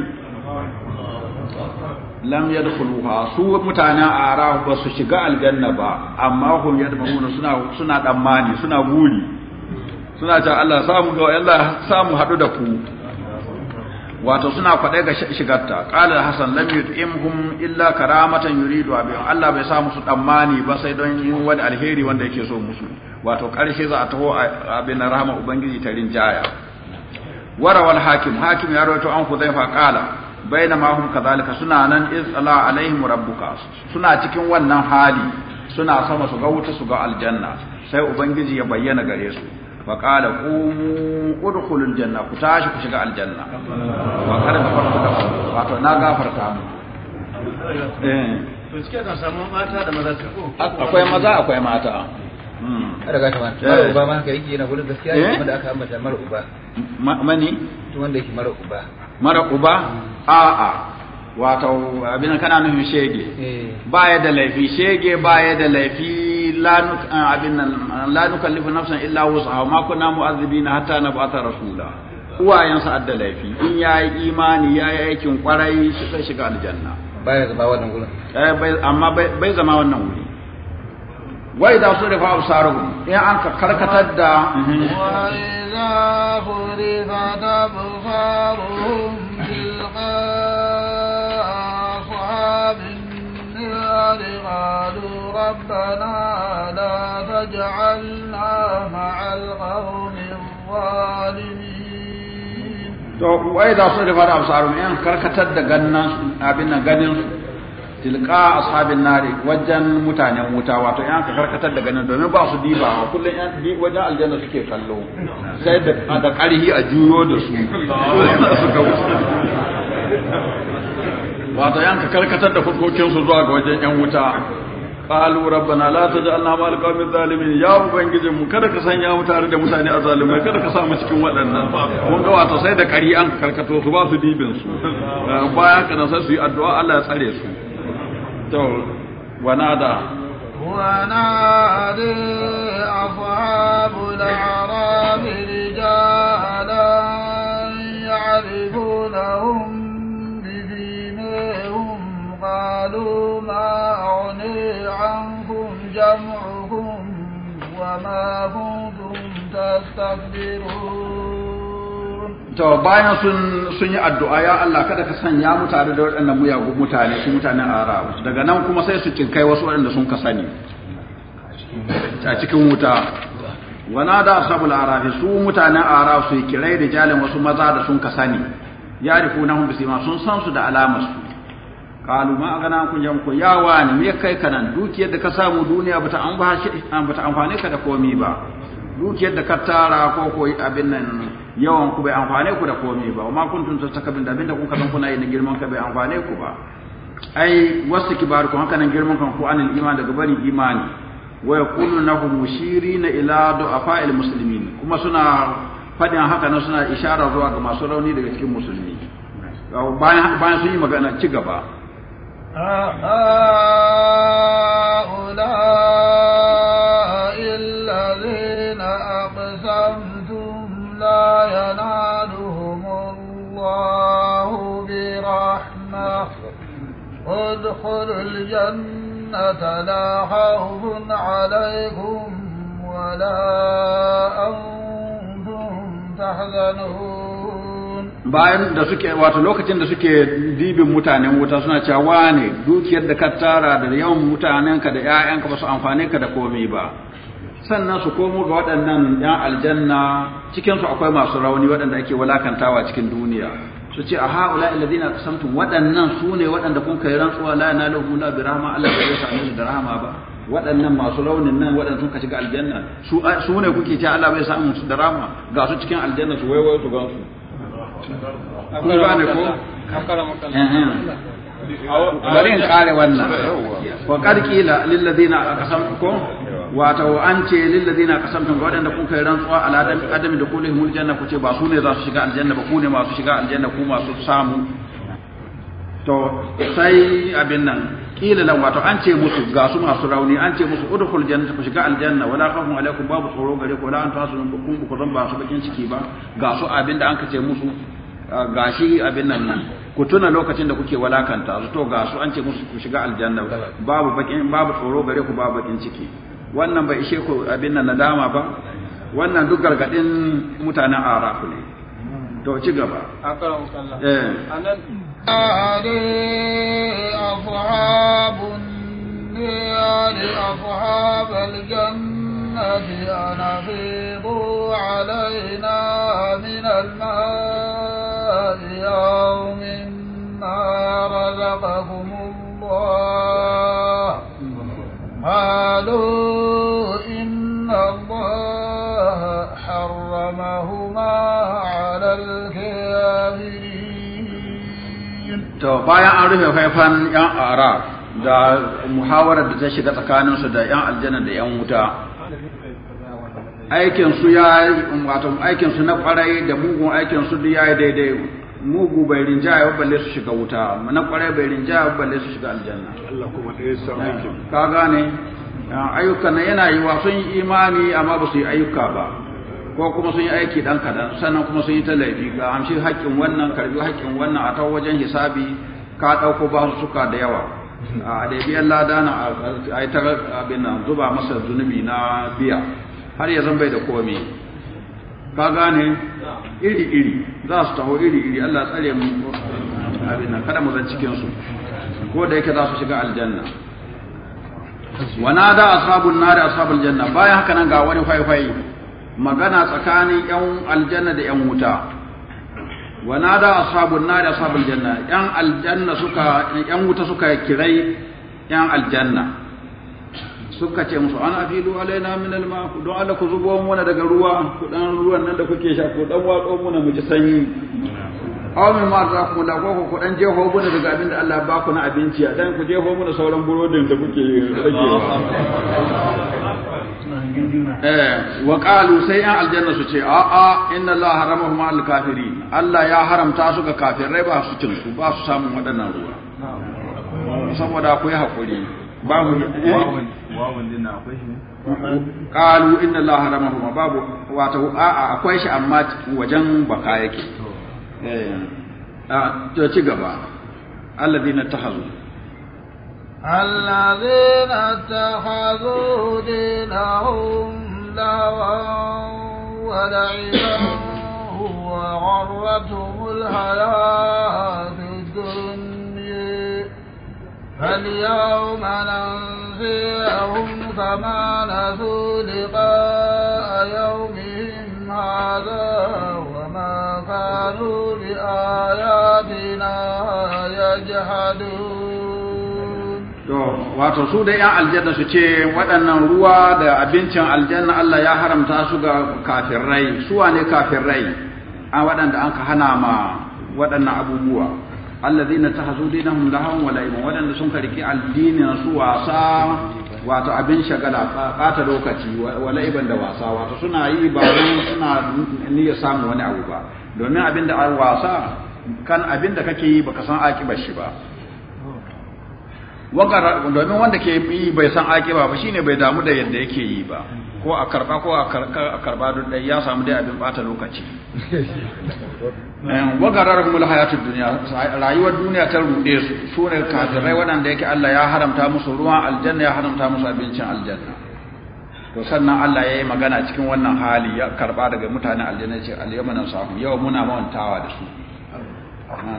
lam yadkhuluha su mutanen araf ba su shiga aljanna ba amma hum yadmuna suna suna damani suna guri suna cewa Allah samu ga Allah samu hadu da ku wato suna faɗe ga shigarta qala hasan lam yut'imhum illa karamatan yuridu abin Allah bai sa musu tsammani ba sai don yin wani alheri wanda yake so musu wato karshe za a taho abin rahama ubangiji ta rinjaya wal hakim hakim ya rawaito an huzaifa qala bainama hum kadhalika suna nan iz ala alaihim rabbuka suna cikin wannan hali suna sama su ga wuta su ga aljanna sai ubangiji ya bayyana gare su فقال قوموا ادخلوا الجنه كتاشي كشغا الجنه وقال غفرت لكم واتو نا غفرتا eh to suke kan samu akwai maza akwai mata kada ga kamar mara eh. uba ma haka yi yana gurin gaskiya eh? ne wanda aka ambata mara uba mani to wanda yake mara uba mara uba a a wato abin kana nufin shege eh. baya da laifi shege baya da laifi la nukallifu nafsan illa wusaha ma kunna mu'azzibina hatta nab'atha rasula uwayensa adda laifi in yayi imani yayi aikin kwarai shi sai shiga aljanna bai zama wannan gurin eh bai amma bai zama wannan wuri wa idza surifa absaruhum in an ka karkatar da wa idza surifa absaruhum tilqa ashabin nar qalu ربنا لا تجعلنا مع القوم الظالمين to wai da su rufa da absaru in karkatar da gannan abin nan ganin su. tilka ashabin nari wajen mutanen wuta wato in aka karkatar da ganin domin ba su diba wa kullum bi wajen aljanna suke kallo sai da da karhi a juyo da su suka wato yanka karkatar da fuskokinsu zuwa ga wajen yan wuta qalu rabbana la taj'alna ma'al qawmi zalimin ya ubangijin mu kada ka sanya mu tare da mutane azzalumai kada ka sa mu cikin waɗannan mun ga wato sai da kari an karkato su ba su dibin su baya kana sai su yi addu'a Allah ya tsare su to wanada ونادي جمعهم وما كنتم تستكبرون تو bayan sun سن yi addu'a ya Allah kada ka sanya mutane da waɗannan muyagun mutane su mutanen Arab daga nan kuma sai su cinkai wasu waɗanda sun ka sani a cikin wuta wana da ashabul arafi su mutanen araf su kirai da jalin wasu maza da sun ka sani ya rifu na hun bisima sun san su da alamar su kalu ma agana ku jam ku ya ne me kai kanan dukiyar da ka samu duniya bata amfane ka da komai ba dukiyar da ka tara ko ko abin nan yawan ku bai amfane ku da komai ba amma kun tun tsaka bin da bin da kuka san kuna yi na girman ka bai amfane ku ba ai wasu kibar ku haka girman kan ku anil iman daga bari imani wa nahum mushirina ila du'afa'il muslimin kuma suna fadin haka nan suna isharar zuwa ga masu rauni daga cikin musulmi bayan sun yi magana ci gaba أهؤلاء الذين أقسمتم لا ينالهم الله برحمة ادخلوا الجنة لا خوف عليكم ولا أنتم تحزنون bayan da suke wato lokacin da suke dibin mutanen wuta suna cewa wane dukiyar da ka tara da yawan mutanenka da 'ya'yanka ba su amfane ka da komai ba sannan su komo ga waɗannan ƴan aljanna cikin su akwai masu rauni waɗanda ake walakantawa cikin duniya su ce a haula alladhina qasamtum waɗannan su ne waɗanda kun kai rantsuwa la lahu la bi rahma Allah bai yi sami da rahama ba waɗannan masu raunin nan waɗanda sun ka shiga aljanna su su ne kuke ce Allah bai samu su da rahama ga su cikin aljanna su waiwai su gansu kun gane ko bari in kare wannan wa karkila lillazina aqsamtukum wato an ce lillazina aqsamtum ga wadanda kuka yi rantsuwa ala adam adam da kullu hul janna ku ce ba su ne za su shiga aljanna ba ku ne masu shiga aljanna ku masu samu to sai abin nan kila lan wato an ce musu ga su masu rauni an ce musu udkhul janna ku shiga aljanna wala khawfun alaikum babu tsoro gare ku wala an tasu kun ku zan ba su bakin ciki ba ga su abin da an ka ce musu ga shi abin nan nan ku tuna lokacin da kuke walakanta su to ga su an ce musu ku shiga aljanna babu bakin babu tsoro gare ku babu bakin ciki wannan bai ishe ku abin nan nadama ba wannan duk gargadin mutanen arafu ne to ci gaba akara musalla eh anan أصحاب النار أصحاب الجنة أن علينا من الماء أو مما رزقكم الله قالوا إن الله حرمهما على الكفر to bayan an rufe faifan yan ara da muhawarar da ta shiga tsakaninsu da yan aljanna da yan wuta aikin su ya wato aikin su na kwarai da mugun aikin su ya yi daidai mugu bai rinjaya balle su shiga wuta na kwarai bai rinjaya balle su shiga aljanna Allah kuma ɗaya sa aikin ka gane ayyukan yana yi wa sun yi imani amma ba su yi ayyuka ba ko kuma sun yi aiki dan kadan sannan kuma sun yi talabi ga amshi haƙƙin wannan karbi haƙƙin wannan a ta wajen hisabi ka ɗauko ba suka da yawa a ɗabi'ar lada na a yi ta abin nan zuba masa zunubi na biya har ya zan bai da komai. ka gane iri iri za su taho iri iri Allah tsare mu abin nan kada mu zan cikin su ko da yake za su shiga aljanna wa da ashabun nari ashabul janna bayan haka nan ga wani fayfayi magana tsakanin ƴan aljanna da ƴan wuta wa nada ashabun nar ashabul janna Ƴan aljanna suka ƴan wuta suka kirai ƴan aljanna suka ce musu ana afidu alaina min alma ku don Allah ku zubo mana daga ruwa ku dan ruwan nan da kuke sha ku dan watso muna mu ci sanyi aw min ma za ku da ko ku dan jeho mu daga abin da Allah ba ku na abinci a dan ku jeho mu da sauran burodin da kuke rage eh wa qalu sai an aljanna su ce a a inna Allah haramahu al Allah ya haramta su ga kafirai ba su cin su ba su samun wadannan ruwa saboda akwai hakuri babu eh? wawun babu akwai shi qalu inna Allah haramahu babu wato a'a akwai shi amma wajen baka yake إيه. آه، الذين اتخذوا الذين اتخذوا دينهم لهوا ولعبا وغرتهم الحياة الدنيا فاليوم ننزيهم كما نزول لقاء يومهم هذا كانوا بآياتنا يجحدون wato su da ‘yan aljanna su ce waɗannan ruwa da abincin aljanna Allah ya haramta su ga kafirai su wane kafirai a waɗanda an ka hana ma waɗannan abubuwa allazina tahzudinahum lahum wa la'im waɗanda sun karki addinin su wasa wato abin shagala ɓata lokaci wala'iban da wasa wato suna yi ba suna niyyar samun wani abu ba domin abin da wasa kan abin da kake yi baka san akibar shi ba domin wanda ke yi bai san akiba ba shine bai damu da yadda yake yi ba ko a karba ko a karba don dai ya samu dai abin bata lokaci wagarar mul hayatud duniya rayuwar duniya ta rude su ne kafirai waɗanda yake Allah ya haramta musu ruwan aljanna ya haramta musu abincin aljanna to sannan Allah ya yi magana cikin wannan hali ya karba daga mutanen aljanna ce al-yamana sahu yau muna mawantawa da su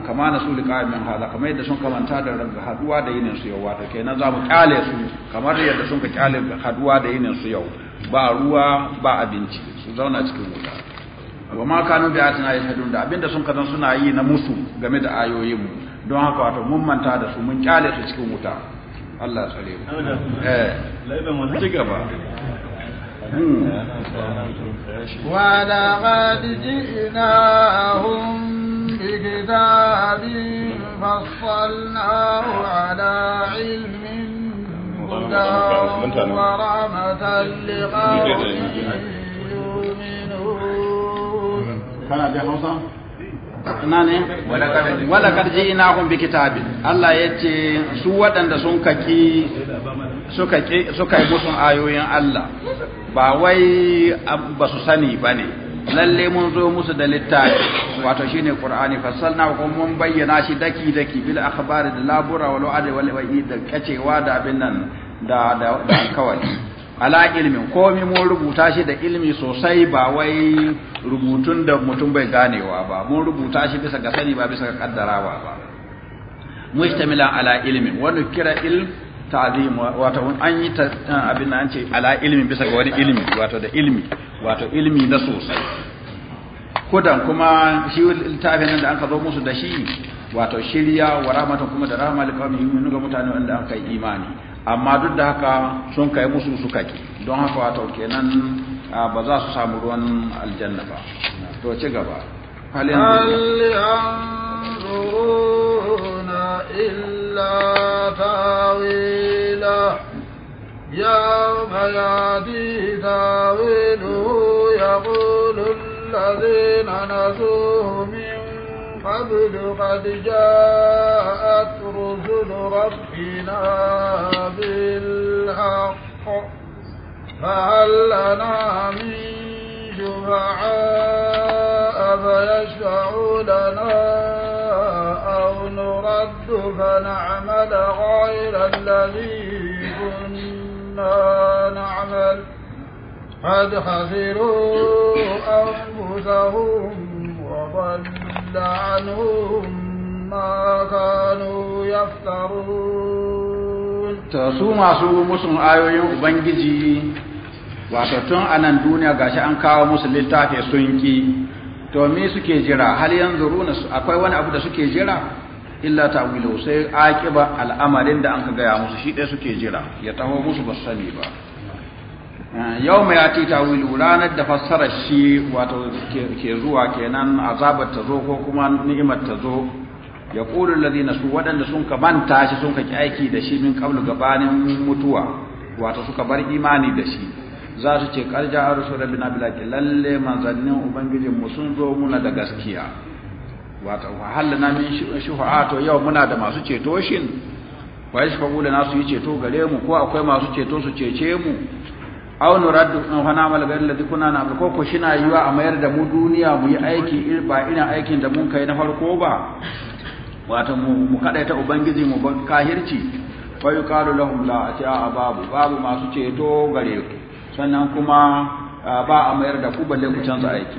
kama na su liƙa min hala kamar yadda sun kamanta da haduwa da yinin su yau wato kenan za mu kyale su kamar yadda sun ka kyale haduwa da yinin su yau ba ruwa ba abinci su zauna cikin wuta wa ma kanu bi atina yashhadun da abinda sun kazan suna yi na musu game da ayoyin mu don haka wato mun manta da su mun kyale su cikin wuta Allah tsare mu eh laiban wani gaba ولقد جئناهم بكتاب فصلناه على علم هدى ورحمة لقوم nane wala kad ji'nahum bi kitabin Allah yace su waɗanda sun kaki suka suka yi musun ayoyin Allah ba wai ba su sani ba ne lalle mun zo musu da littafi wato shine qur'ani fassalna ko mun bayyana shi daki daki bil akhbari da labura wal wa'd wa wa'id da kacewa da abin nan da kawai ala ilmin komi mun rubuta shi da ilmi sosai ba wai rubutun da mutum bai ganewa ba mun rubuta shi bisa ga sani ba bisa ga kaddarawa ba mujtamila ala ilmin wani kira ilm ta'lim wato an yi abin nan ce ala ilmi bisa ga wani ilmi wato da ilmi wato ilmi na sosai kodan kuma shi littafin nan da an ka zo musu da shi wato shirya wa rahmatan kuma da rahma liqawmi yu'minu ga mutane wanda an kai imani amma duk da haka sun kai musu suka ki don haka wato kenan ba za su samu ruwan aljanna ba to ci gaba hal yanzu إلا تاويله يوم يأتي تاويله يقول الذين نسوه من قبل قد جاءت رسل ربنا بالحق فهل لنا من شفعاء فيشفعوا لنا أو نرد فنعمل غير الذي كنا نعمل قد خسروا أنفسهم وضل عنهم ما كانوا يفترون su masu musun ayoyin ubangiji wato tun anan duniya gashi an kawo musu littafi sun ki to me suke jira hal yanzu yanzuruna akwai wani abu da suke jira illa ta'wilu sai aqiba al'amarin da anka gaya musu shi dai suke jira ya taho musu ba sani ba eh, yawma yati ta'wilu ranar da fassara shi wato ke zuwa kenan azabar ta zo ko kuma ni'imar ta zo ya qulu alladhina su wadanda sun ka manta shi sun ka ki aiki da shi min qablu gabanin mutuwa wato suka bar imani da shi za su ce karja a rasu rabin abilaki lalle manzannin ubangijinmu sun zo muna da gaskiya wata wahala na min shufa'a to yau muna da masu ceto shin wa yi shafa gula nasu yi ceto gare mu ko akwai masu ceto su cece mu au nuraddu in hana mal gari ladi kuna na ko ko shina yiwa a mayar da mu duniya mu yi aiki ba ina aikin da mun kai na farko ba wato mu mu kadaita ubangiji mu ban kahirci fa yuqalu lahum la a babu babu masu ceto gare ku sannan kuma ba a mayar da ku balle ku canza aiki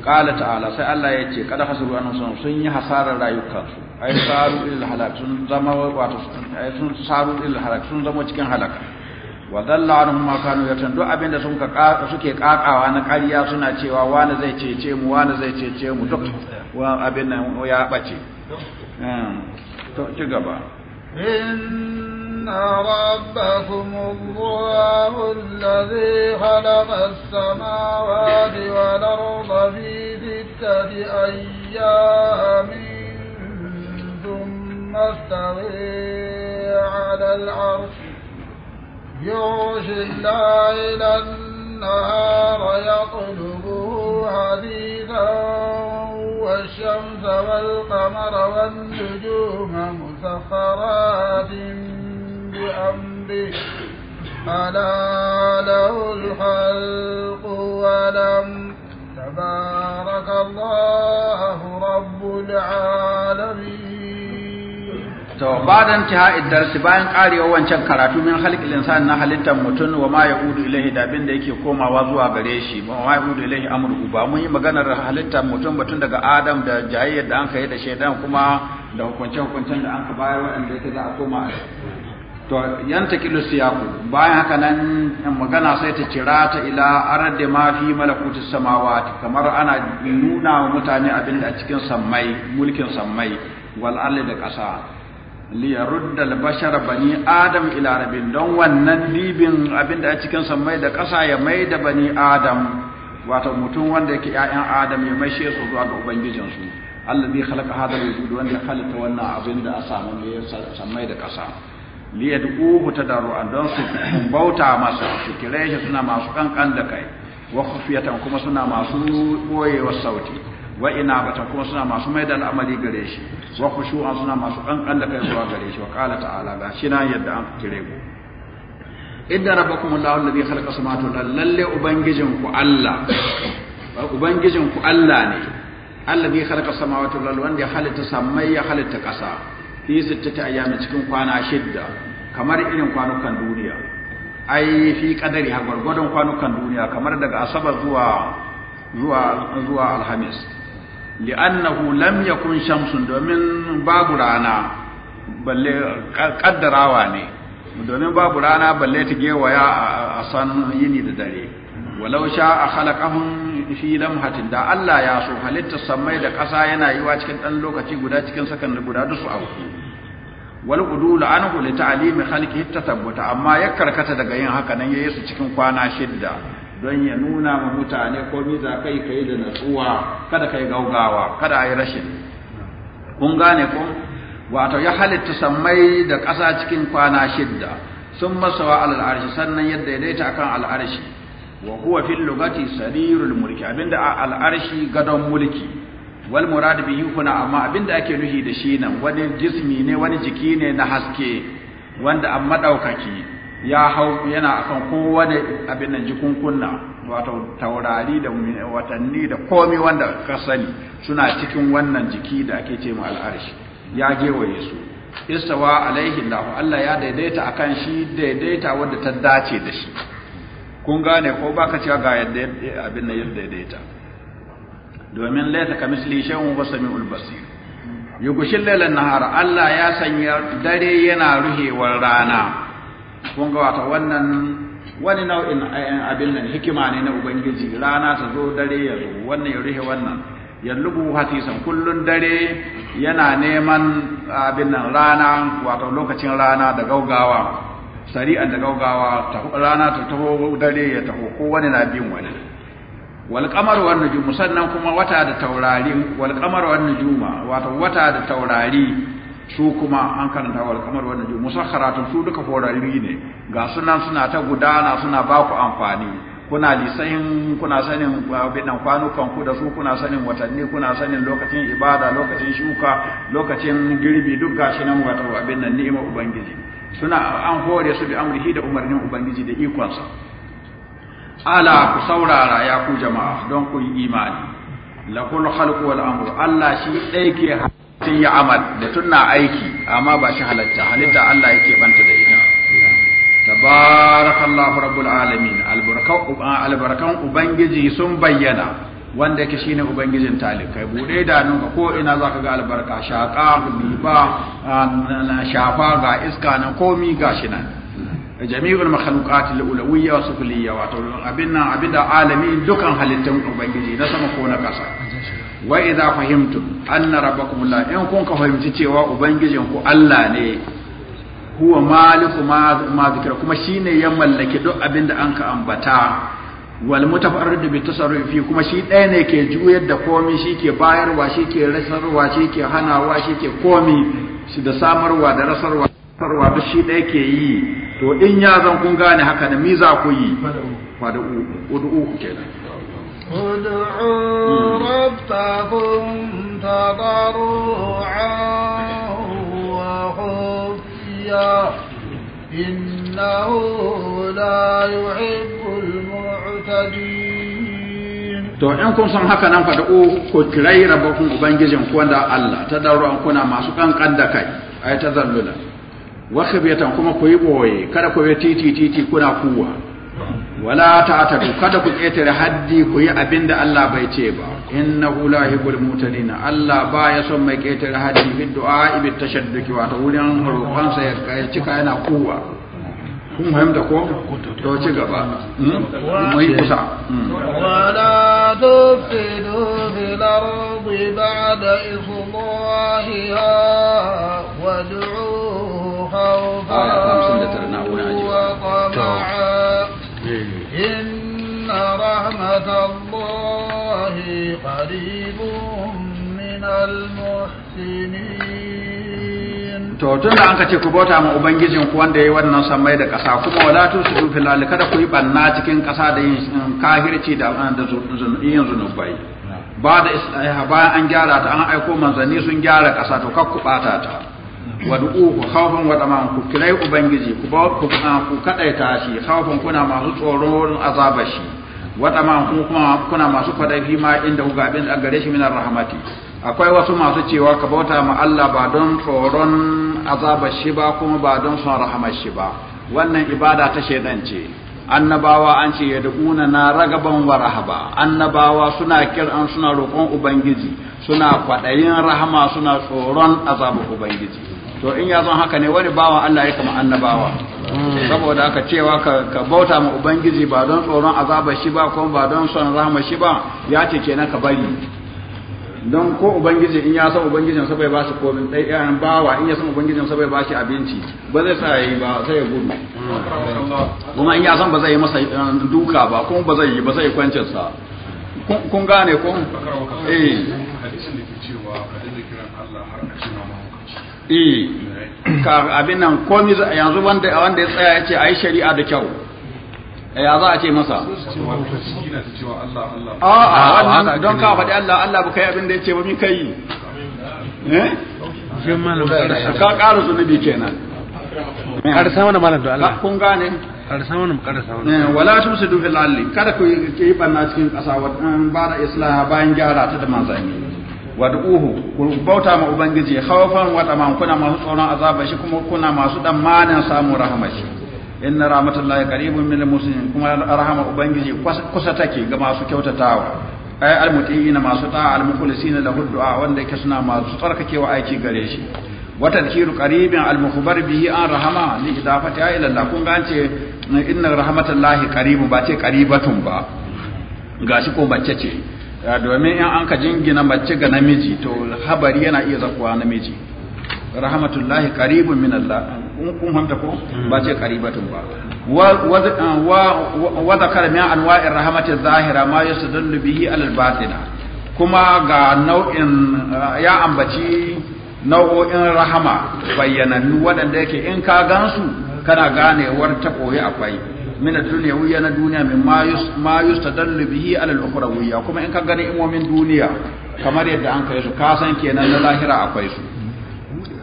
qala ta'ala sai Allah ya ce kada hasaru an sun sun yi hasarar rayukansu ai saru ilal halak sun zama wato ai sun saru ilal halak sun zama cikin halaka wa dalla anhum ma kanu yatan duk abinda sun ka suke kakawa na kariya suna cewa wani zai cece mu wani zai cece mu duk wa abin nan ya bace eh, to ci gaba إن ربكم الله الذي خلق السماوات والأرض في ستة أيام ثم استوي على العرش يغشي الليل النهار يطلبه حديثا والشمس والقمر والنجوم مسخرات بأمره ألا له الخلق bayan intiha wancan karatu min halqil insan na halittar mutum wa ma yaudu ilaihi yake komawa zuwa gare shi wa ma yaudu ilaihi amru mun yi maganar halittar mutum batun daga adam da jayyar da an da shaidan kuma da hukunce hukuncen da an ka bayar wanda yake za a koma to yanta kilo siyaku bayan haka nan magana sai ta cira ta ila arad ma fi malakutus samawati kamar ana nuna wa mutane abin da a cikin sammai mulkin samai, wal ardi da ƙasa li yarudda al bashara bani adam ila rabbin don wannan libin abin da a cikin sammai da ƙasa ya mai da bani adam wato mutum wanda yake ƴaƴan adam ya maishe su zuwa ga ubangijinsu allazi khalaqa hadha al wujud wanda khalaqa wannan abin da a samu ne sammai da ƙasa liyad'uhu tadarruan don su bauta masa su kire shi suna masu kankan da kai wa khufiyatan kuma suna masu boyewa sauti wa inabatan kuma suna masu mai da al'amari gare shi wa khushu'an suna masu kankan da kai zuwa gare shi wa qala ta'ala ga shi nan yadda an kire ku idda rabbakum allahu alladhi khalaqa samawati wal ardi lalle ubangijin ku Allah ubangijin ku Allah ne alladhi khalaqa samawati wal ardi wanda ya halitta samai ya halitta kasa fi sittati ayyamin cikin kwana shidda kamar irin kwanukan duniya ai fi kadari har gwargwadon kwanukan duniya kamar daga asabar zuwa zuwa zuwa alhamis li'annahu lam yakun shamsun domin babu rana balle kaddarawa ne domin babu rana balle ta gewaya a san yini da dare walau sha a khalaqahum fi lamhatin da Allah ya so halitta samai da ƙasa yana yiwa cikin ɗan lokaci guda cikin sakan guda dusu auku wal qudulu anhu li ta'limi khalqihi tabbata amma ya karkata daga yin haka nan yayi su cikin kwana shidda don ya nuna ma mutane ko ni za kai kai da natsuwa kada kai gaugawa kada ayi rashin kun gane kun wato ya halitta samai da ƙasa cikin kwana shidda sun masawa al'arshi sannan sannan ya daidaita akan al'arshi. wa huwa fil lugati sarirul mulki abinda al'arshi gadon mulki wal murad bihi kuna amma abinda ake nuhi da shi nan wani jismi ne wani jiki ne na haske wanda an madaukaki ya hau yana akan kowane abin nan jikun kunna wato taurari da watanni da komi wanda ka sani suna cikin wannan jiki da ake ce mu al'arshi ya gewaye su istawa alaihi Allah ya daidaita akan shi daidaita wanda ta dace da shi kun gane ko baka cewa ga yadda abin da yadda daidaita domin laita misli shay'un wa sami'ul basir yughshil layla nahara Allah ya sanya dare yana ruhewar rana kun ga wata wannan wani nau'in abin nan hikima ne na ubangiji rana ta zo dare ya zo wannan ya ruhe wannan yallubu hatisan kullun dare yana neman abin nan rana wato lokacin rana da gaugawa sari'an da gaugawa rana ta taho dare ya taho ko wani na bin wani wal qamar wan nujum sannan kuma wata da taurari wal qamar wan nujuma wato wata da taurari su kuma an karanta wal qamar wan nujum musakharatun su duka horari ne ga sunan suna ta gudana suna ba ku amfani kuna lisayin kuna sanin bidan kwanukan ku da su kuna sanin watanni kuna sanin lokacin ibada lokacin shuka lokacin girbi duk gashi nan wato abin nan ni'imar ubangiji suna an hore su bi amrihi da umarnin ubangiji da ikonsa ala ku saurara ya ku jama'a don ku yi imani kullu khalqu wal amru Allah shi dai ke halittun ya amal da tunna aiki amma ba shi halatta halitta Allah yake banta da ita tabarakallahu rabbul alamin albarakan ubangiji sun bayyana wanda yake shine ubangijin talikai bude ka ko ina zaka ga albarka shaqa na shafa ga iska na komi gashi nan jami'ul makhluqat al-ulawiyya wa sufliyya wa abinna abida alamin dukan halittun ubangiji na sama ko na kasa wa idza fahimtum anna rabbakum la in kun ka fahimci cewa ubangijin ku Allah ne huwa maliku ma zikra kuma shine ya mallaki duk abinda an ka ambata wal mutafarrid bi tasarrufi kuma shi ɗaya ne ke juyar da komi shi ke bayarwa shi ke rasarwa shi ke hanawa shi ke komi shi da samarwa da rasarwa rasarwa duk shi ɗaya ke yi to in ya zan kun gane haka da miza ku yi fada uku kenan ادعوا ربكم تضرعا وخفيا إنه لا يحب المسلمين to in kun san haka nan da ku kirai rabakun ubangijin ku wanda Allah ta daura kuna masu kankan da kai ai ta zallula wa khabiyatan kuma ku yi boye kada ku yi titi titi kuna kuwa wala ta'tadu kada ku ketare haddi ku yi abinda Allah bai ce ba innahu la yuhibbul mutadin Allah ba ya son mai ketare haddi bi du'a ibi tashadduki wa ta wurin roƙon sa ya cika yana kuwa ولا في الأرض بعد وادعوه خوفا وطمعا إن رحمة الله قريب من المحسنين to tun da an ka ce ku bauta ma ubangijin ku wanda ya yi wannan samai da ƙasa kuma wala tu su fil al kada ku yi banna cikin ƙasa da yin um, kahirci da um, da yin zunubai ba da eh, bayan an gyara ta an aiko manzanni sun gyara ƙasa to kar ku bata ta wad'uhu khawfan wa tamam ku kirai ubangiji ku ba ku um, ku ta shi khawfan kuna masu tsoron azaba shi wa tamam kuma kuna masu kwadai ma inda ku gabin a gare shi minar rahmati akwai wasu masu cewa ka bauta ma Allah ba don tsoron azabar shi ba kuma ba don son rahamar shi ba wannan ibada ta shaidan ce annabawa an ce ya dukuna na ragaban wa rahaba annabawa suna kiran suna roƙon ubangiji suna kwaɗayin rahama suna tsoron azabar ubangiji to in ya zan haka ne wani bawa Allah ya kama annabawa saboda aka cewa ka bauta ma ubangiji ba don tsoron azabar shi ba kuma ba don son rahamar shi ba ya ce kenan ka bari don ko ubangiji in ya san ubangijin sa bai ba shi komai dai eh, yan bawa in ya san ubangijin sa bai ba shi abinci ba zai sa yi ba sai ya gudu kuma in ya san ba zai yi masa eh, duka ba kuma ba zai yi ba zai kwance sa kun gane ko eh ka eh ka abin nan komai yanzu wanda wanda ya tsaya ya ce ai shari'a da kyau Eh, ya za a ce masa a wannan don ka faɗi Allah Allah ba kai abin da ya ce ba mi kai eh? ka ƙara zunubi kenan eh. ƙarsa wani malam da Allah kun gane ƙarsa wani ƙarsa wani wala tu su dufi lalli kada ku yi banna cikin ƙasa ba da islaha bayan gyara ta da manzanni wad'uhu ku bauta ma ubangiji khawfan wa tamam kuna masu tsoron azabar shi kuma kuna masu dan manan samun rahmar shi inna rahmatullahi qaribun minal muslimin kuma rahama ubangiji kusa take ga masu kyautatawa ay almutiina masu ta'a almukhlisina lahu du'a wanda yake suna masu tsarkakewa aiki gare shi wa tadhkiru qaribin almukhbar bihi an rahama li idafatiha ila Allah kun ga ce inna rahmatullahi qaribun ba ce qaribatun ba gashi ko bacce ce domin in an ka jingina mace ga namiji to habari yana iya zakuwa namiji rahmatullahi qaribun min Allah kun hamta ko ba ce qaribatun ba wa zakara min anwa'ir rahmatir zahira ma yasdallu bihi alal batina kuma ga nau'in ya ambaci nau'o'in rahama bayyanannu wadanda yake in ka gansu kana war ta koyi akwai min duniya wuya na duniya min ma yustadallu bihi alal ukhrawiyya kuma in ka gani imomin duniya kamar yadda an kai su ka san kenan na lahira akwai su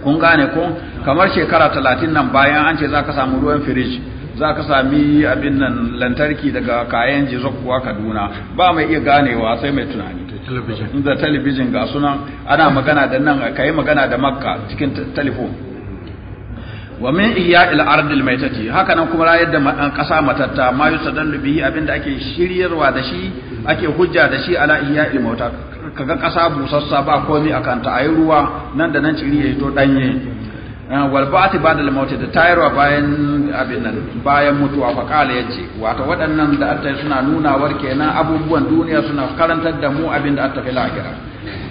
kun gane ko kamar shekara talatin nan bayan an ce za ka samu ruwan firij za ka sami abin nan lantarki daga kayan jizo kuwa kaduna ba mai iya ganewa sai mai tunani da talibijin ga sunan ana magana da nan ka yi magana da makka cikin telefon wa min iya al'ardil maitati haka nan kuma rayar da kasa matatta ma yustadallu abin da ake shiryarwa da shi ake hujja da shi ala iya ilmauta kaga ƙasa busassa ba a kanta a yi ruwa nan da nan ciri ya hito danye Eh, wal ba'ati ba'da al da tayarwa bayan abin nan bayan mutuwa fa kala yace wato waɗannan da attai suna nuna war kenan abubuwan duniya suna karantar da mu abin da attafi lahira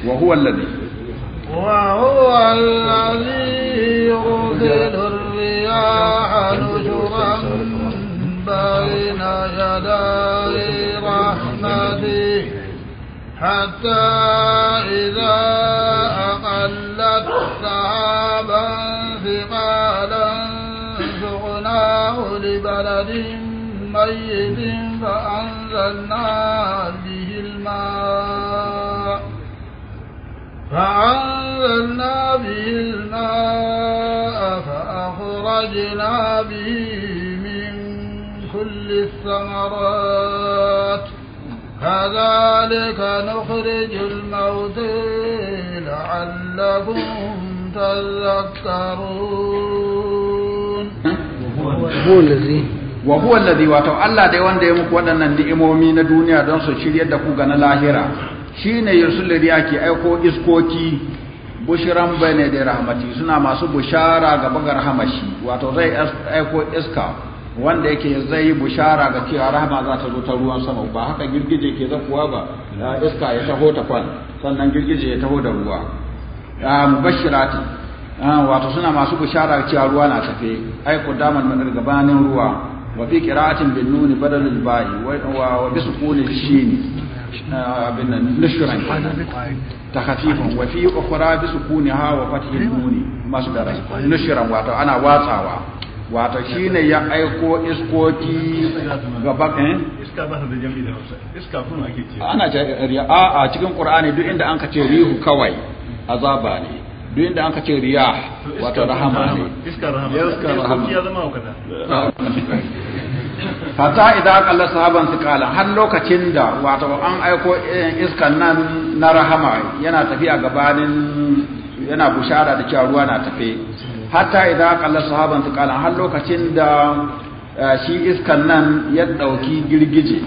wa huwa alladhi wa huwa alladhi ar-riyaha nujuran bayna yaday rahmatihi حتى إذا أقلت سحابا ثقالا سقناه لبلد ميت فأنزلنا به الماء فأنزلنا به الماء فأخرجنا به من كل الثمرات كذلك نخرج الموت لعلكم تذكرون هو الذي وهو الذي واتو Allah دai wanda ya muku waɗannan ni'imomi na duniya don su shirya da ku ga na lahira shine yusul riya ke aiko iskoki bushiran bane da rahmati suna masu bushara gaba ga rahamashi wato zai aiko iska wanda yake zai bushara ga cewa rahama za ta zo ta ruwan sama ba haka girgije ke zakuwa ba ah, iska ya taho ta kwan sannan girgije ya taho da ruwa ah, mubashirati ah, wato suna masu bushara ga cewa ruwa na tafe ai ku daman madar gabanin ruwa wa fi qira'atin bin nuni badal al ba'i wa bi sukun al shin nan nishran takhafifan wa fi ukhra bi sukunha wa fathi Masu nuni masdara nishran wato ana watsawa wato shi ne ya aiko iskoki gaba ɗin eh? iska ba da jami'i da iska kuma ake ce ana ce a a cikin qur'ani duk inda an ka ce rihu kawai azaba ne duk inda an ka ce riya wato rahama ne iska rahama iska rahama ya zama hukata hatta idan kalla sahaban su kala har lokacin da wato an aiko eh, iskan nan na rahama yana tafiya gabanin yana bushara da cewa ruwa na tafe hatta idan kallar sahaban kala har lokacin da eh, shi iskan nan ya dauki girgije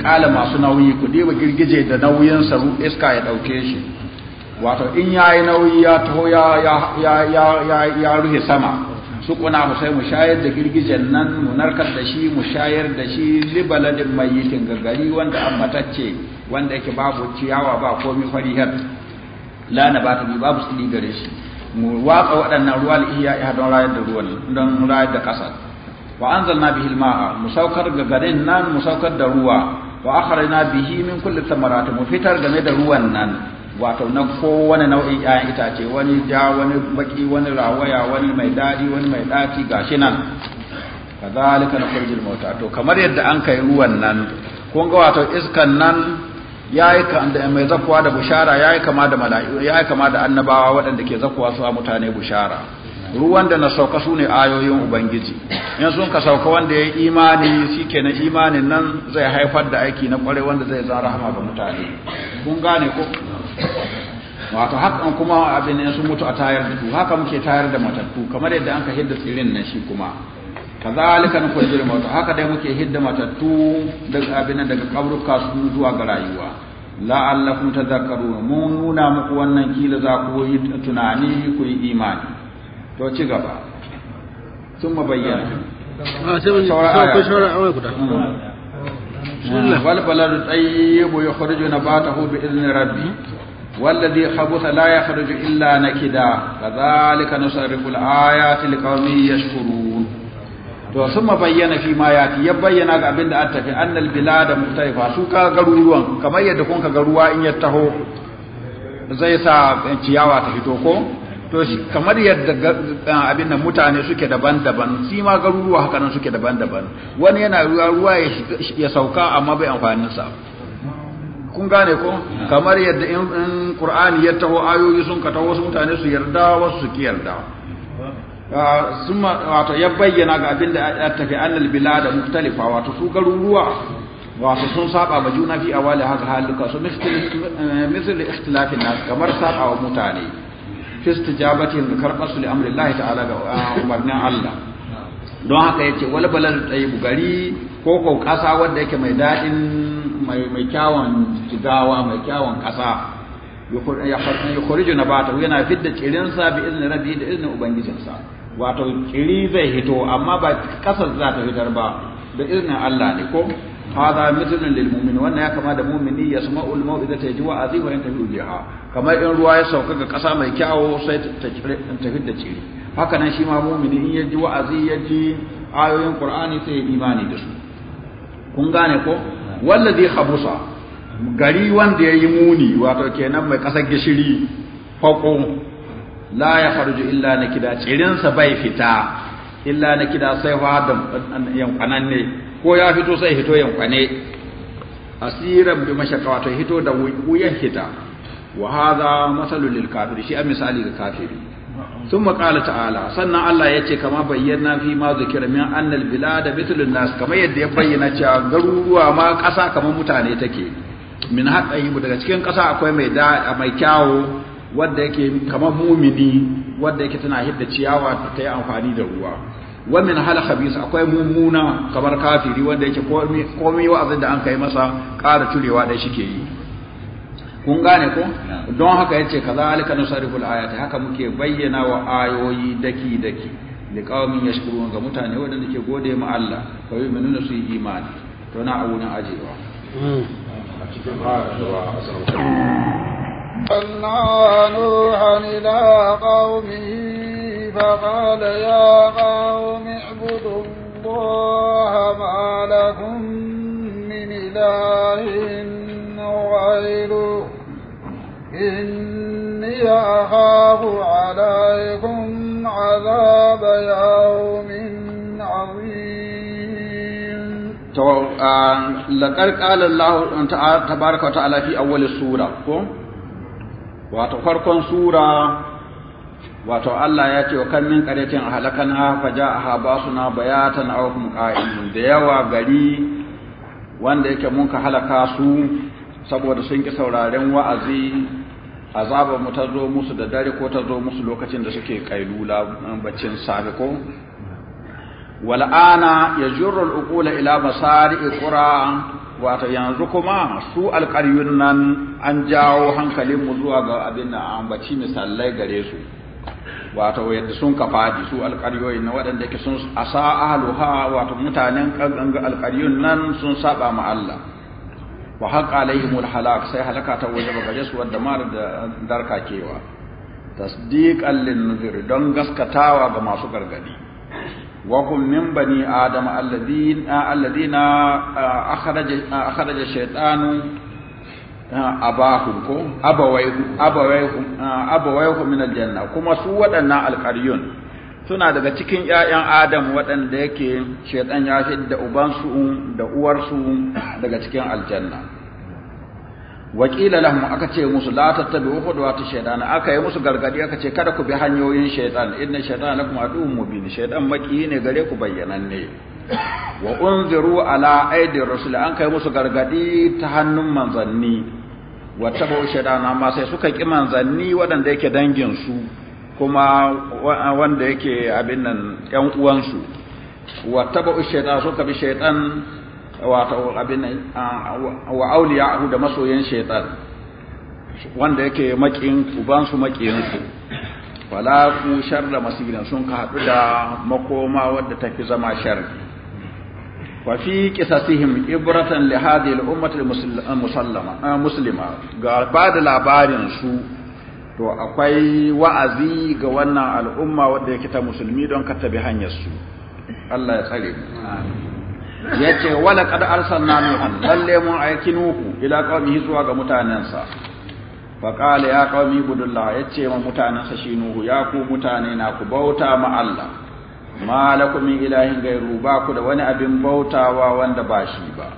kala masu nauyi ku diba girgije da nauyin sa iska ya dauke shi wato in yayi nauyi ya taho ya ya ya ya ruhe sama su kuna mu sai mu shayar da girgijen nan mu narkar da shi mu shayar da shi libaladin mayitin gargari wanda ta ce wanda yake babu ciyawa ba komai har la na ba ta babu tsili gare shi mu watsa waɗannan ruwa iya ya don rayar da ruwan don rayar da ƙasa wa anzalna bihi maa mu saukar ga garin nan mu saukar da ruwa wa akhrajna bihi min kulli thamarati mu fitar game da ruwan nan wato na ko nau'in 'ya'yan itace wani ja wani baki wani rawaya wani mai daɗi, wani mai ga gashi nan na na mota to kamar yadda an kai ruwan nan kun ga wato iskan nan Ya ka mai zakuwa da bushara yi kama da mala'iku yi kama da annabawa waɗanda ke zakuwa su a mutane bushara ruwan da na sauka su ne ayoyin ubangiji in sun ka sauka wanda ya yi imani shi na imanin nan zai haifar da aiki na kware wanda zai zara hama ga mutane kun gane ko wato hakan kuma abin sun mutu a tayar da haka muke tayar da matattu kamar yadda an ka hidda tsirin nan shi kuma kazalika nukhrijul mauta haka dai muke hidda matattu daga abin daga kabruka su zuwa ga rayuwa la'allakum tadhakkarun mun nuna muku wannan kila za ku yi tunani ku yi imani to ci gaba thumma bayyana ah, hmm. wal baladu tayyibu yukhriju nabatahu bi idni rabbi والذي خبث لا يخرج إلا نكدا كذلك نصرف الآيات لقوم يشكرون to sun bayyana fi ma yati ya bayyana ga abin da an tafi annal bilada mutaifa su ka garuruwan kamar yadda kun ka garuwa in ya taho zai sa ciyawa ta fito ko to kamar yadda eh, abin da mutane suke daban-daban shi ma garuruwa haka nan suke daban-daban wani yana ruwa ruwa ya sauka amma bai amfanin sa kun gane ko kamar yadda in qur'ani ya taho ayoyi sun ka taho wasu mutane su yarda wasu su ki yarda Ah, summa wato ya bayyana ga abinda ya tafi annal bilada muktalifa wato su garuruwa wato sun saba ma juna fi awali haka haluka su misal ikhtilafin nas kamar saba wa mutane fi istijabatin da karbar su amri Allah ta'ala ga ah, umarnin Allah don haka yace wal balal tayyib gari ko ko kasa wanda yake mai dadin mai mai kyawun jigawa mai kyawun kasa yukhriju nabatahu yana fidda sa bi izni rabbi da iznin ubangijinsa wato tsiri zai hito amma ba kasar za ta fitar ba da iznin Allah ne ko hada mithlun lil mu'min wannan ya kama da mu'mini yasma'ul ta yaji wa'azi wa biha kamar in ruwa ya sauka ga kasa mai kyawo sai ta ta fidda tsiri haka nan shi ma mu'mini in ji wa'azi ji ayoyin qur'ani sai ya imani da su kun gane ko wallazi khabusa gari wanda ya yi muni wato kenan mai kasar gishiri fako la ya faru illa na kida tsirinsa bai fita illa na kida sai fa yankwanan ne ko ya fito sai hito yankwane asiran bi mashaka wato hito da wuyan hita wa hadha masalu lil kafiri shi an misali ga kafiri Sun qala ta'ala sannan Allah ya ce kama bayyana fi ma zikira min annal bilada mithlun nas kama yadda ya bayyana cewa garuruwa ma ƙasa kamar mutane take min haɗayi daga cikin ƙasa akwai mai da mai kyawo wadda yake kamar mumini wadda yake tana hidda ciyawa ta yi amfani da ruwa wa min hal khabisa akwai mumuna kamar kafiri wanda yake komai wa'azin da an kai masa ƙara turewa da shi ke yi kun gane ko don haka yace kazalika nusariful ayati haka muke bayyana wa ayoyi daki daki liqaumin yashkurun ga mutane wanda ke gode ma Allah fa yu'minuna su yi imani to na abuna ajewa hmm. أنعى نوحا إلى قومه فقال يا قوم اعبدوا الله ما لكم من إله غيره إني أخاف عليكم عذاب يوم to ah, laqad qala Allah tabaaraka wa ta'ala fi sura ko wato farkon sura wato Allah ya ce wa kan min qaryatin ahlakana fa ja'aha basuna bayatan na hum qa'imun da yawa gari wanda yake mun ka halaka su saboda sun ki sauraren wa'azi azabar mu ta zo musu da dare ko ta zo musu lokacin da suke kailula baccin safe ko wal'ana ya jirrul ukula ila masari ikura wata yanzu kuma su alƙaryun nan an jawo hankalinmu zuwa ga abin da ambaci misalai gare su wata yadda sun fadi su alƙaryoyin na waɗanda ke sun asa ahluha wata mutanen alƙaryun nan sun saba ma Allah wa haqa alaihimul halak sai halaka ta waje ba gare su wadda da darka kewa Tasdiƙan lin nuzir don gaskatawa ga masu gargadi wa kuma min bani adama al'adina a akaraje shaitanu abahun ku abawai ku abawai ku min aljanna kuma su waɗannan alƙaryon suna daga cikin 'ya'yan adam waɗanda yake shaitan ya ce da ubansu da uwarsu daga cikin aljanna. Waƙila lahum aka ce musu la tattabi'u khudwati shaytan aka yi musu gargadi aka ce kada ku bi hanyoyin shaytan inna shaytan lakum aduwwun mubin shaytan maki ne gare ku bayyananne wa unziru ala aidir rasul an kai musu gargadi ta hannun manzanni wa tabu shaytan amma sai suka ki manzanni wadanda yake dangin su kuma wanda yake abin nan ƴan uwan su wa tabu shaytan suka bi shaytan wato abin nan wa auliyahu da masoyan shaytan wanda yake makin ubansu makiyansu wala ku sharra masira sun ka hadu da makoma wadda tafi zama sharri wa fi qisasihim ibratan li hadhihi al-ummati al-musallama muslima ga bada labarin su to akwai wa'azi ga wannan al'umma wanda yake ta musulmi don ka tabi hanyar su Allah ya tsare mu amin Ya ce wala qad arsalna nuhan lalle mun aiki nuhu ila qaumihi zuwa ga mutanensa. fa qala ya qaumi budullah ce ma mutanensa shi nuhu ya ku mutane na ku bauta ma Allah ma lakum min ilahin gairu ba ku da wani abin bautawa wanda ba shi ba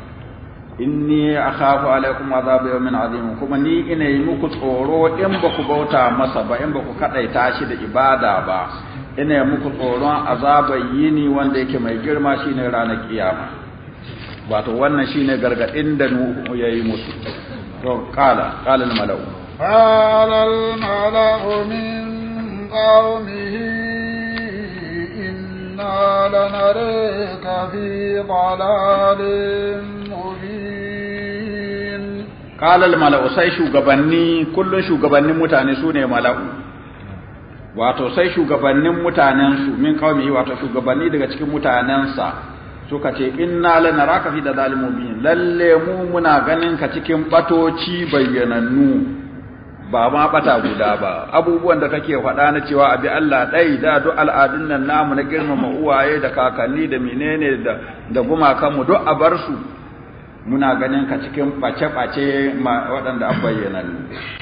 inni akhafu alaikum azab yawmin azim kuma ni ina yi muku tsoro in ba ku bauta masa ba in ba ku kadaita shi da ibada ba ina muku tsoron azabar yini wanda yake mai girma shine ranar kiyama to wannan shi ne gargadin da nuhu yayi musu to kala, qala al malau qala malau min qaumihi inna lanaraka fi dalalin mubin qala malau sai shugabanni kullun shugabannin mutane su ne mala'u wato sai shugabannin mutanensu min kawai wato shugabanni daga cikin mutanensa suka ce inna lanaraka fi dadalil mubin lalle mu muna ganin ka cikin batoci bayyanannu ba ma bata guda ba abubuwan da kake faɗa na cewa abi Allah ɗai da duk al'adun nan namu na girmama uwaye da kakanni da menene da da gumakan mu duk a bar su muna ganin ka cikin bace-bace waɗanda an bayyana